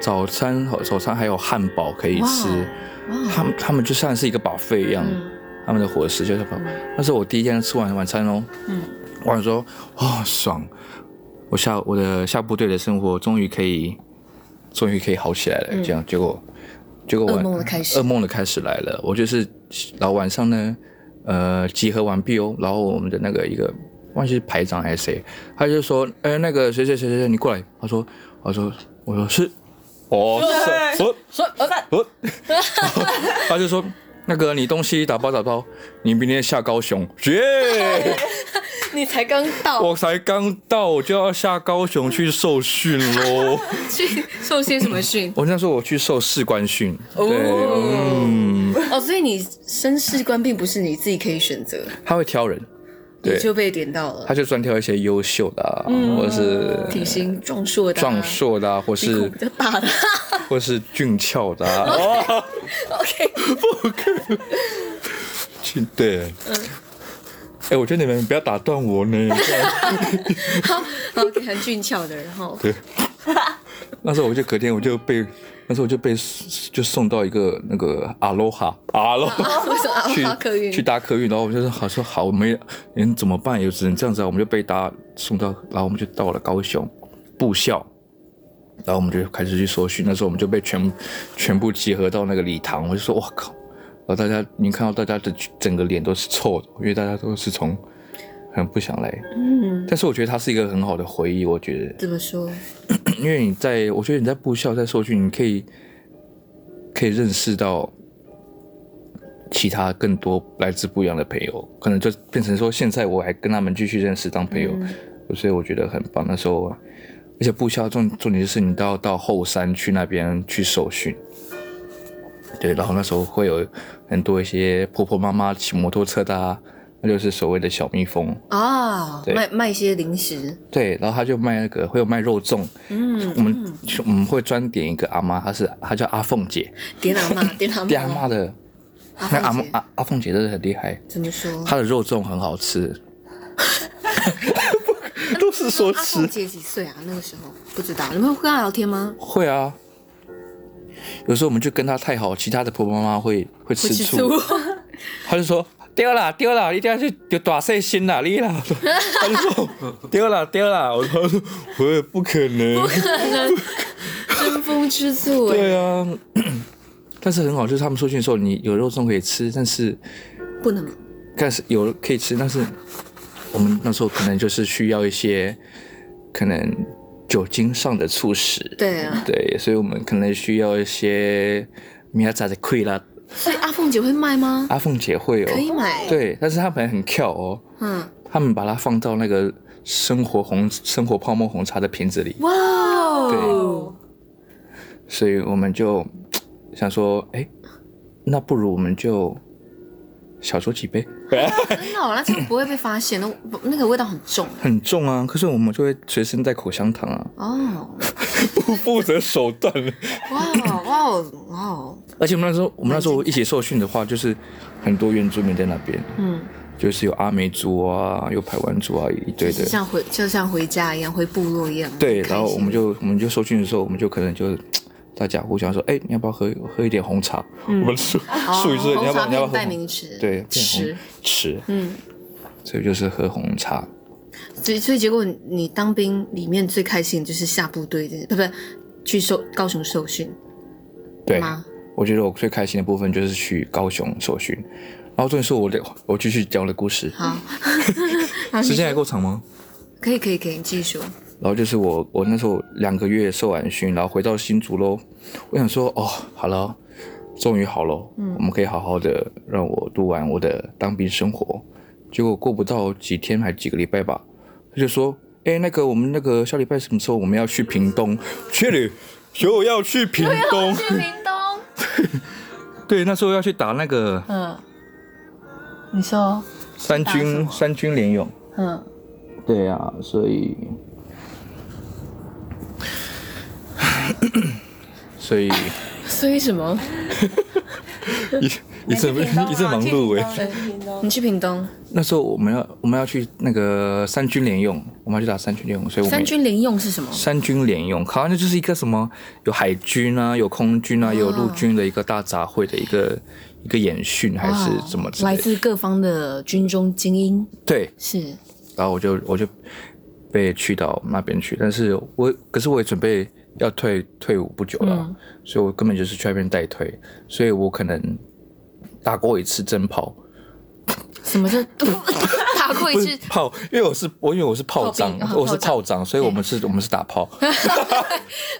Speaker 3: 早餐好，早餐還有漢堡可以吃，wow,
Speaker 2: wow. 他們
Speaker 3: 他們就像是一個 buffet 一樣、嗯，他們的伙食就是、嗯。那時候我第一天吃完晚餐哦，嗯。我想說，哇、哦、爽！我下我的下部隊的生活終於可以，終於可以好起來了。嗯、這樣結果，結果我，噩夢的開始，噩夢的開始來了。我就是，然後晚上呢，呃，集合完畢哦。然後我們的那個一個忘記是排長還是誰，他就說，哎、呃，那個誰誰誰誰誰，你過來。他說，他說，我說是。哦，說說說，說說啊說啊、 <laughs> <laughs> 他就說。那個，你東西打包打包，你明天下高雄，耶、yeah! <laughs> ！
Speaker 1: 你才剛到，我
Speaker 3: 才剛到，我就要下高雄去受訓嘍。
Speaker 1: <laughs> 去受些什麼訓？
Speaker 3: 我那時候我去受士官訓哦。
Speaker 1: 哦，oh. 嗯 oh, 所以你升士官並不是你自己可以選擇，
Speaker 3: 他會挑人。對，就
Speaker 1: 被點到
Speaker 3: 了，他就專挑一些優秀的，啊嗯，或者是，啊，體型壯碩的，壯碩的，或是
Speaker 2: 就較大的，啊，
Speaker 3: 或是俊俏的，啊。
Speaker 2: OK， <laughs> 不哇，
Speaker 3: 俊 <laughs> <laughs> <laughs> 對，哎，欸，我覺得你們不要打斷我呢。
Speaker 1: OK， <laughs> <laughs> 很俊俏的，然後對，
Speaker 3: <laughs> <laughs> 那時候我就隔天我就被。那時候我就被就送到一個那個阿羅哈阿羅哈、啊啊去，啊、去搭客運，然後我就說好說好，我們連怎麼辦？也只能這樣子啊，我們就被搭送到，然後我們就到了高雄步校，然後我們就開始去受訓。那時候我們就被全全部集合到那個禮堂，我就說哇靠，然後大家你看到大家的整個臉都是臭的，因為大家都是從。不想來、嗯，但是我覺得它是一個很好的回憶。我覺得怎麼說？因為你在，我覺得你在步校在受訓，你可以可以認識到其他更多來自不一樣的朋友，可能就變成說，現在我還跟他們繼續認識當朋友、嗯，所以我覺得很棒。那時候，而且步校重重點就是你都要到後山去那邊去受訓，對，然後那時候會有很多一些婆婆媽媽騎摩托車的啊。那就是所謂的小蜜蜂
Speaker 1: 啊、哦，賣賣一些零食。
Speaker 3: 對，然後他就賣那個，會有賣肉粽。
Speaker 1: 嗯，我們
Speaker 3: 我們會專點一個阿媽，她是她叫阿鳳姐。點阿媽、點阿媽。阿媽的，
Speaker 2: 那阿媽
Speaker 3: 阿阿鳳姐真的很厲害。怎麼說？她的肉粽很好吃。
Speaker 1: <laughs> 都是說吃。啊、鳳姐幾歲啊？那個時候不知道。你們會跟她聊天嗎？
Speaker 3: 會啊。有時候我們就跟她太好，其他的婆婆媽媽會會吃醋。她 <laughs> 就說。對啦，對啦，你一定要去，就大細心啦，你啦。說 <laughs> 他們說：“對啦，對啦。”我說：“我也不可能。不可
Speaker 2: 能”爭 <laughs> 風吃
Speaker 1: 醋對啊，咳咳。
Speaker 3: 但是很好，就是他們出去的時候，你有肉粽可以吃，但是
Speaker 1: 不能。
Speaker 3: 但是有可以吃，但是我們那時候可能就是需要一些可能酒精上的促使。對啊。對，所以我們可能需要一些明仔再開啦。
Speaker 1: 欸、所以阿鳳姐會賣嗎？
Speaker 3: 阿鳳姐會哦、喔，可以買、欸。對，但是她本來很 Q 哦、喔。嗯。他們把它放到那個生活紅、生活泡沫紅茶的瓶子裡。
Speaker 2: 哇哦。對。
Speaker 3: 所以我們就想說，哎、欸，那不如我們就小酌幾杯。
Speaker 1: 真的，那其實不會被發現那那個味道很重，
Speaker 3: 很重啊。可是我們就會隨身帶口香糖啊。哦、oh. <laughs> 不負責手段哦哇哇哦，而且我們那時候，我們那時候一起受訓的話的，就是很多原住民在那邊，嗯，就是有阿美族啊，有排灣族啊，一堆的。像
Speaker 1: 回就像回家一樣，回部落一樣。
Speaker 3: 對，然後我們就我們就受訓的時候，我們就可能就。大家互相說，哎、欸，你要不要喝喝一點紅茶？嗯、我們是屬於是，你要不要要不要喝紅？對，吃吃，
Speaker 1: 嗯，
Speaker 3: 所以就是喝紅茶。
Speaker 1: 所以所以結果你當兵裡面最開心的就是下部隊的，對不不去受高雄受訓。
Speaker 3: 對嗎？我覺得我最開心的部分就是去高雄受訓。然後重點是我我繼續講我的故事。
Speaker 1: 好， <laughs> 時間還夠長嗎、啊？可以可以可以繼續。你記
Speaker 3: 然後就是我，我那時候兩個月受完訓，然後回到新竹嘍。我想說，哦，好了，終於好了，嗯，我們可以好好的讓我度完我的當兵生活。結果過不到幾天，還幾個禮拜吧，他就說，哎，那個我們那個下禮拜什麼時候我們要去屏東？確定？就要去屏東？ <laughs> 對，那時候要去打那個，
Speaker 1: 嗯，你說，
Speaker 3: 三軍三軍聯勇，嗯，對呀、啊，所以。 <coughs> 所以、
Speaker 1: 啊，所以什麼？一一陣一陣忙碌你去屏東，屏東
Speaker 3: <laughs> 那時候我們要我們要去那個三軍聯用，我們要去打三軍聯用，所以我們三
Speaker 1: 軍聯用是什麼？
Speaker 3: 三軍聯用，好像就是一個什麼有海軍啊，有空軍啊，wow. 有陸軍的一個大雜燴的一個一個演訓，還是什麼之類
Speaker 1: 的、wow. 來自各方的軍中精英，對，是。
Speaker 3: 然後我就我就。被去到那邊去，但是我可是我也準備要退退伍不久了，嗯，所以我根本就是去那邊待退，所以我可能打過一次真炮。什麼叫
Speaker 1: <laughs> 打過一次
Speaker 3: 炮？因為我是我因為我是炮仗，我是炮仗，所以我們是我們是，我們是打炮。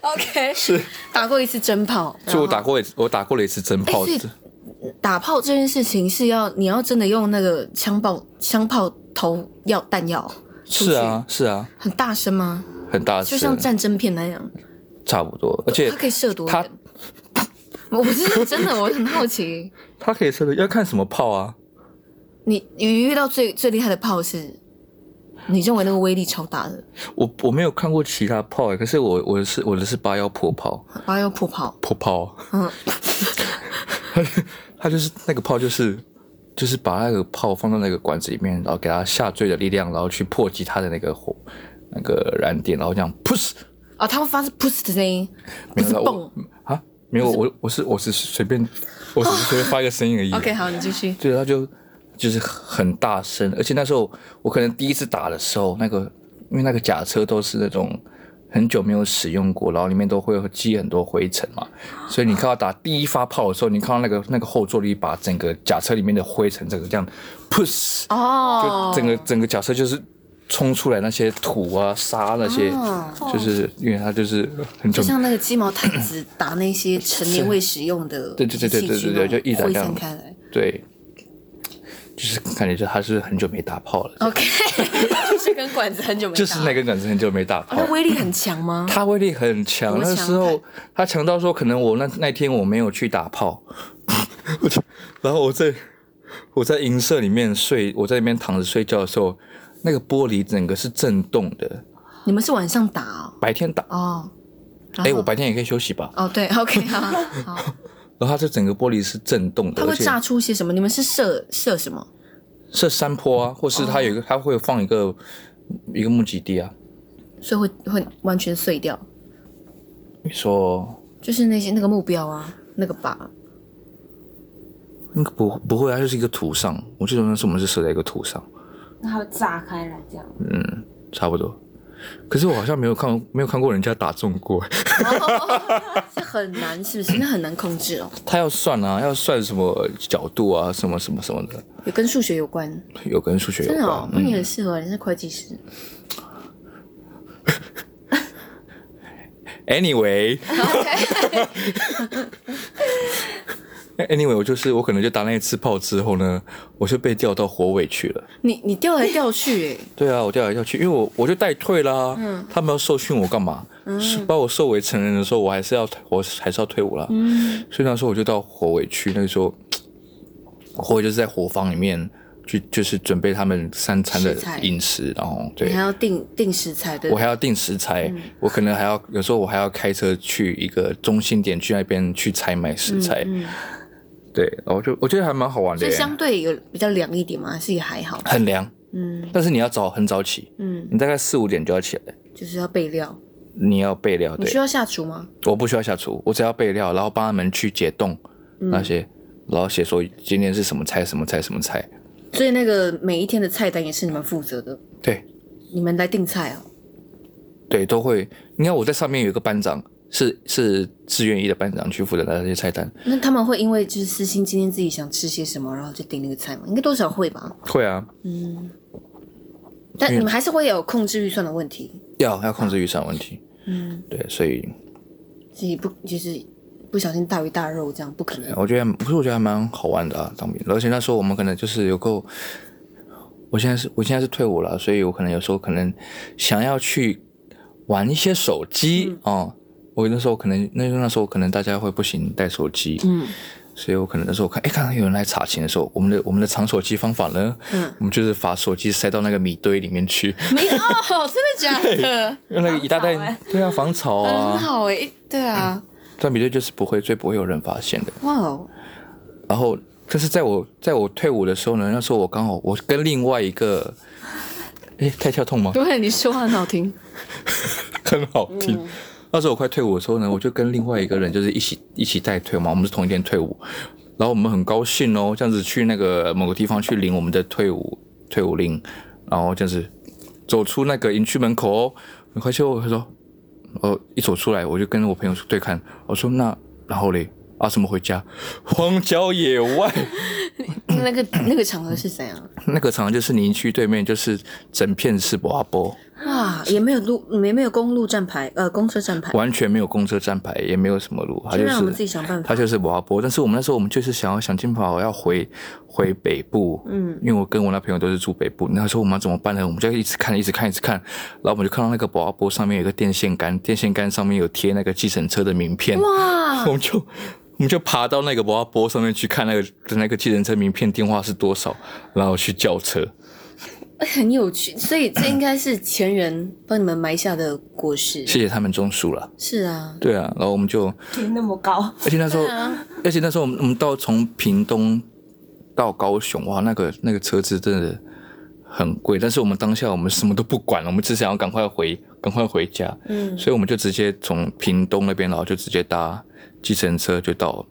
Speaker 1: OK， <laughs> <laughs> 是打過一次真炮。就我打
Speaker 3: 過我打過了一次真炮、欸。
Speaker 1: 打炮這件事情是要你要真的用那個槍炮槍炮投藥彈藥。
Speaker 3: 是啊，是啊，
Speaker 1: 很大聲嗎？
Speaker 3: 很大聲，就像戰爭片那樣，差不多。而且它，它可
Speaker 1: 以射多遠？我不是說真的，我很好奇。
Speaker 3: 它可以射的，要看什麼炮啊？
Speaker 1: 你你遇到最最厲害的炮是？你認為那個威力超大的？
Speaker 3: 我我沒有看過其他炮、欸、可是我我的是我的是八幺迫炮，
Speaker 1: 八幺迫炮，迫炮，嗯，
Speaker 3: 它就是那個炮就是。那個就是把那個炮放到那個管子裡面，然後給它下墜的力量，然後去破擊它的那個火、那個燃點，然後這樣
Speaker 1: push 啊、哦，他們發是 push 的聲音，
Speaker 3: 沒有啊，沒有，我我是我是，我是隨便，我是隨便發一個聲音而已。 <laughs> OK，好，你繼續。對，他就就是很大聲，而且那時候我可能第一次打的時候，那個因為那個甲車都是那種。很久沒有使用過，然後裡面都會積很多灰塵嘛，所以你看到打第一發炮的時候，哦、你看到那個那個後座力把整個甲車裡面的灰塵整個這樣 push，哦，
Speaker 2: 就整
Speaker 3: 個整個甲車就是衝出來那些土啊沙那些、哦，就是因為它就是很就
Speaker 1: 像那個雞毛掸子打那些成年未使用的咳咳對對對對對對對，就一這樣灰塵開
Speaker 3: 來對。就是感覺，就他是很久沒打炮了。
Speaker 1: OK，就是那根管子很久沒打。 <laughs> 就是那
Speaker 3: 根管子很久沒打炮、哦。它威
Speaker 1: 力很強嗎？它
Speaker 3: 威力很強，那時候它強到說，可能我那那天我沒有去打炮，我 <laughs> 就然後我在我在營舍裡面睡，我在裡面躺着睡覺的時候，那個玻璃整個是震動的。
Speaker 1: 你們是晚上打、
Speaker 3: 哦？白天打哦，哎、欸，我白天也可以休息吧？
Speaker 1: 哦，對，OK 哈，哈
Speaker 3: 好。 <laughs> 然後它這整個玻璃是震動的，它會炸
Speaker 1: 出些什麼？你們是射
Speaker 3: 射什麼？射山坡啊，嗯、或是它有一個，嗯、它會放一個一個目擊地啊，
Speaker 1: 所以會會完全碎掉。
Speaker 3: 你說，
Speaker 1: 就是那些那個目標啊，那個靶、啊。
Speaker 3: 應、那、該、個、不不會、啊，它就是一個土上，我記得那時候我們是射在一個土上，
Speaker 1: 那它會炸開來這
Speaker 3: 樣。嗯，差不多。.可是我好像沒有看，沒有看過人家打中過，這
Speaker 1: <laughs> 哦、很難，是不是？那很難控制哦。
Speaker 3: 他要算啊，要算什麼角度啊，什麼什麼什麼的，
Speaker 1: 有跟數學有關，
Speaker 3: 有跟數學有關。真的、哦，那你很
Speaker 1: 適合、嗯，你是會計師。
Speaker 3: Anyway、okay.。 <laughs> <laughs> 欸，Anyway, 我就是我可能就打那一次炮之後呢，我就被調到火尾去了。
Speaker 1: 你你調來調去哎、
Speaker 3: 欸。對啊，我調來調去，因為我我就代退啦。嗯。他們要受訓我幹嘛？嗯。把我受為成人的時候，我還是要我還是要退伍了。嗯。所以那時候我就到火尾去。那個時候，火尾就是在火房裡面去，就是準備他們三餐的飲食，食，然後對。你還要
Speaker 1: 定定食材對，我還要
Speaker 3: 定食材，嗯、我可能還要有時候我還要開車去一個中心點去那邊去採買食材。嗯。嗯對，然後就我覺得還蠻好玩的，就相
Speaker 1: 對有比較涼一點嘛，還是也還好，很涼，嗯。但
Speaker 3: 是你要早很早起，嗯，你大概四五點就要起來
Speaker 1: 就是要備料，
Speaker 3: 你要備料。對，你需要下廚嗎？我不需要下廚，我只要備料，然後幫他們去解凍那些，嗯、然後寫說今天是什麼菜，什麼菜，什麼菜。
Speaker 1: 所以那個每一天的菜單也是你們負責的，對，你們來訂菜哦。
Speaker 3: 對，都會。你看我在上面有一個班長。是是自願意的班長去負責那些菜單，
Speaker 1: 那他們會因為就是私心今天自己想吃些什麼，然後就訂那個菜嗎？應該多少會吧？
Speaker 3: 會啊，嗯，但你們還是
Speaker 1: 會有控制預算的問題。
Speaker 3: 要要控制預算問題，嗯，對，所以
Speaker 1: 自己不就是不小心大魚大肉這樣不可能。
Speaker 3: 我覺得不是，我覺得，我覺得還蠻好玩的啊，當兵，而且那時候我們可能就是有夠。我現在是我現在是退伍了，所以我可能有時候可能想要去玩一些手機啊。嗯嗯我那時候可能，那時候那時候可能大家會不行帶手機，
Speaker 2: 嗯，
Speaker 3: 所以我可能那時候我看，哎、欸，剛剛有人來查寢的時候，我們的我們的藏手機方法呢，嗯，我們就是把手機塞到那個米堆裡面去，沒、
Speaker 2: 嗯、有、哦，真
Speaker 1: 的假的 <laughs> ？
Speaker 3: 用那個一大袋，草欸、對啊，防潮啊，很
Speaker 1: 好哎、欸，對
Speaker 3: 啊，裝、嗯、米堆就是不會最不會有人發現的，哇哦。然後，可是在我在我退伍的時候呢，那時候我剛好我跟另外一個，哎、欸，太跳痛嗎？
Speaker 1: 對，你說話很好聽，
Speaker 3: <laughs> 很好聽。嗯那時候我快退伍的時候呢，我就跟另外一個人，就是一起一起帶退伍嘛。我們是同一天退伍，然後我們很高興哦，這樣子去那個某個地方去領我們的退伍退伍令，然後這樣子走出那個營區門口哦，很快去！我說，哦，一走出來我就跟我朋友對看，我說那然後嘞啊什麼回家？荒郊野外。 <laughs>
Speaker 1: 那個那個場合是
Speaker 3: 怎樣？那個場合就是林區對面，就是整片是博阿波
Speaker 1: 哇，也沒有路，沒沒有公路站牌，呃，公車站牌，
Speaker 3: 完全沒有公車站牌，也沒有什麼路，它就是。我們自己想辦法。它就是博阿波，但是我們那時候我們就是想要想盡辦法要回回北部，嗯，因為我跟我那朋友都是住北部，那時候我們要怎麼辦呢？我們就一直看，一直看，一直看，一直看，然後我們就看到那個博阿波上面有一個電線桿，電線桿上面有貼那個計程車的名片，哇，我們就。我們就爬到那個娃娃波上面去看那個的那個計程車名片電話是多少，然後去叫車，
Speaker 1: 很有趣。所以這應該是前人幫你們埋下的果實 <laughs> 謝
Speaker 3: 謝他們種樹了。是啊，對啊。然後我們就天
Speaker 1: 那麼高，而且那時
Speaker 3: 候，啊、而且那時候我們我們到從屏東到高雄，哇，那個那個車子真的很貴。但是我們當下我們什麼都不管了，我們只想要趕快回，趕快回家。嗯。所以我們就直接從屏東那邊，然後就直接搭。計程車就到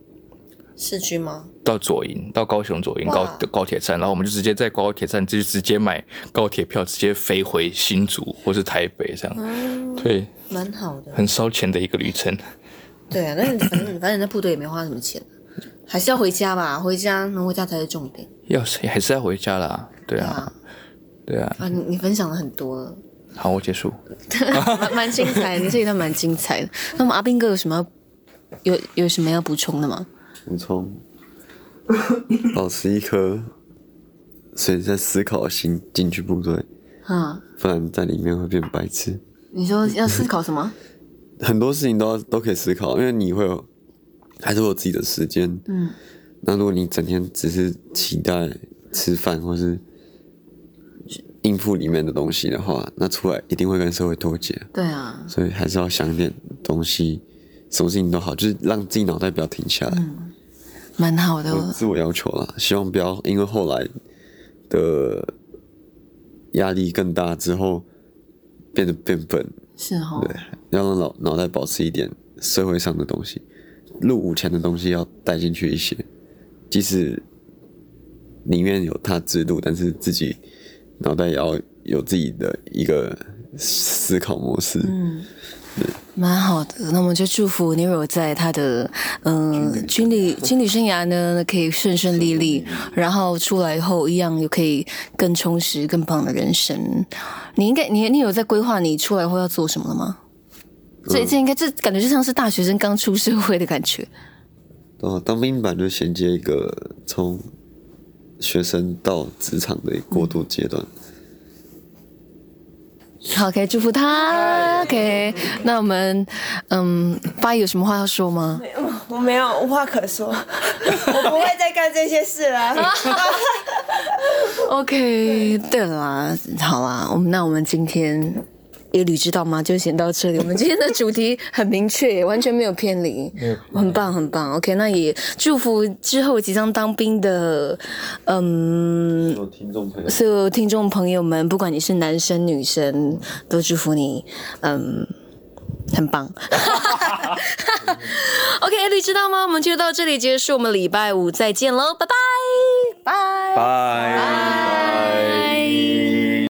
Speaker 3: 市區嗎？到左營，到高雄左營高高鐵站，然後我們就直接在高鐵站，就直接買高鐵票，直接飛回新竹或是台北這樣。
Speaker 1: 對、嗯，蠻好
Speaker 3: 的，很燒錢的一個旅程。對啊，但是
Speaker 1: 反正你反正在部隊也沒花什麼錢， <coughs> 還是要回家吧，回家能回家才是重點。
Speaker 3: 要還是要回家啦？對啊，對啊。對
Speaker 1: 啊，你、啊、 <coughs> 你分享了很多了。
Speaker 3: 好，我結束。
Speaker 1: 蠻精彩，你這一段蠻精彩的。彩的 <laughs> 那麼阿兵哥有什麼？有有什麼要補充的嗎？
Speaker 4: 補充，保持一顆隨時在思考的心進去部隊，啊不然在裡面會變白痴。
Speaker 1: 你說要思考什麼？
Speaker 4: <laughs> 很多事情都要都可以思考，因為你會有還是有自己的時間。嗯，那如果你整天只是期待吃飯或是應付裡面的東西的話，那出來一定會跟社會脫節。
Speaker 2: 對
Speaker 1: 啊，
Speaker 4: 所以還是要想一點東西。什麼事情都好，就是讓自己腦袋不要停下來，嗯、
Speaker 1: 蠻好的。有
Speaker 4: 自我要求了，希望不要因為後來的壓力更大之後變得變笨，是哈、哦？對，要讓腦腦袋保持一點社會上的東西，入伍前的東西要帶進去一些，即使裡面有它制度，但是自己腦袋也要有自己的一個思考模式。嗯。
Speaker 1: 蠻好的，那我們就祝福你有在他的嗯、呃、軍旅軍旅生涯呢， <laughs> 可以順順利利，然後出來後一樣又可以更充實、更棒的人生。你應該你你有在規劃你出來後要做什麼了嗎？這、呃、這應該這感覺就像是大學生剛出社會的感覺。嗯、
Speaker 4: 哦，當兵版就銜接一個從學生到職場的過渡階段。嗯
Speaker 1: 好，可以祝福他。OK，那我們，嗯，八一有什麼話要說嗎？
Speaker 5: 我沒有，我沒有，無話可說， <laughs> 我不會再幹這些事了。
Speaker 1: <laughs> <laughs> OK，對了啦，好啦，我們那我們今天。A 呂知道嗎？就先到這裡。我們今天的主題很明確， <laughs> 完全沒有偏離，很棒很棒。OK，那也祝福之後即將當兵的，嗯，所有聽眾朋友們，朋友們，朋友們，不管你是男生女生，嗯，都祝福你，嗯，很棒。
Speaker 2: <laughs> <laughs> <laughs> OK，A
Speaker 1: 呂知道嗎？我們就到這裡結束，我們禮拜五再見嘍，拜拜拜
Speaker 2: 拜。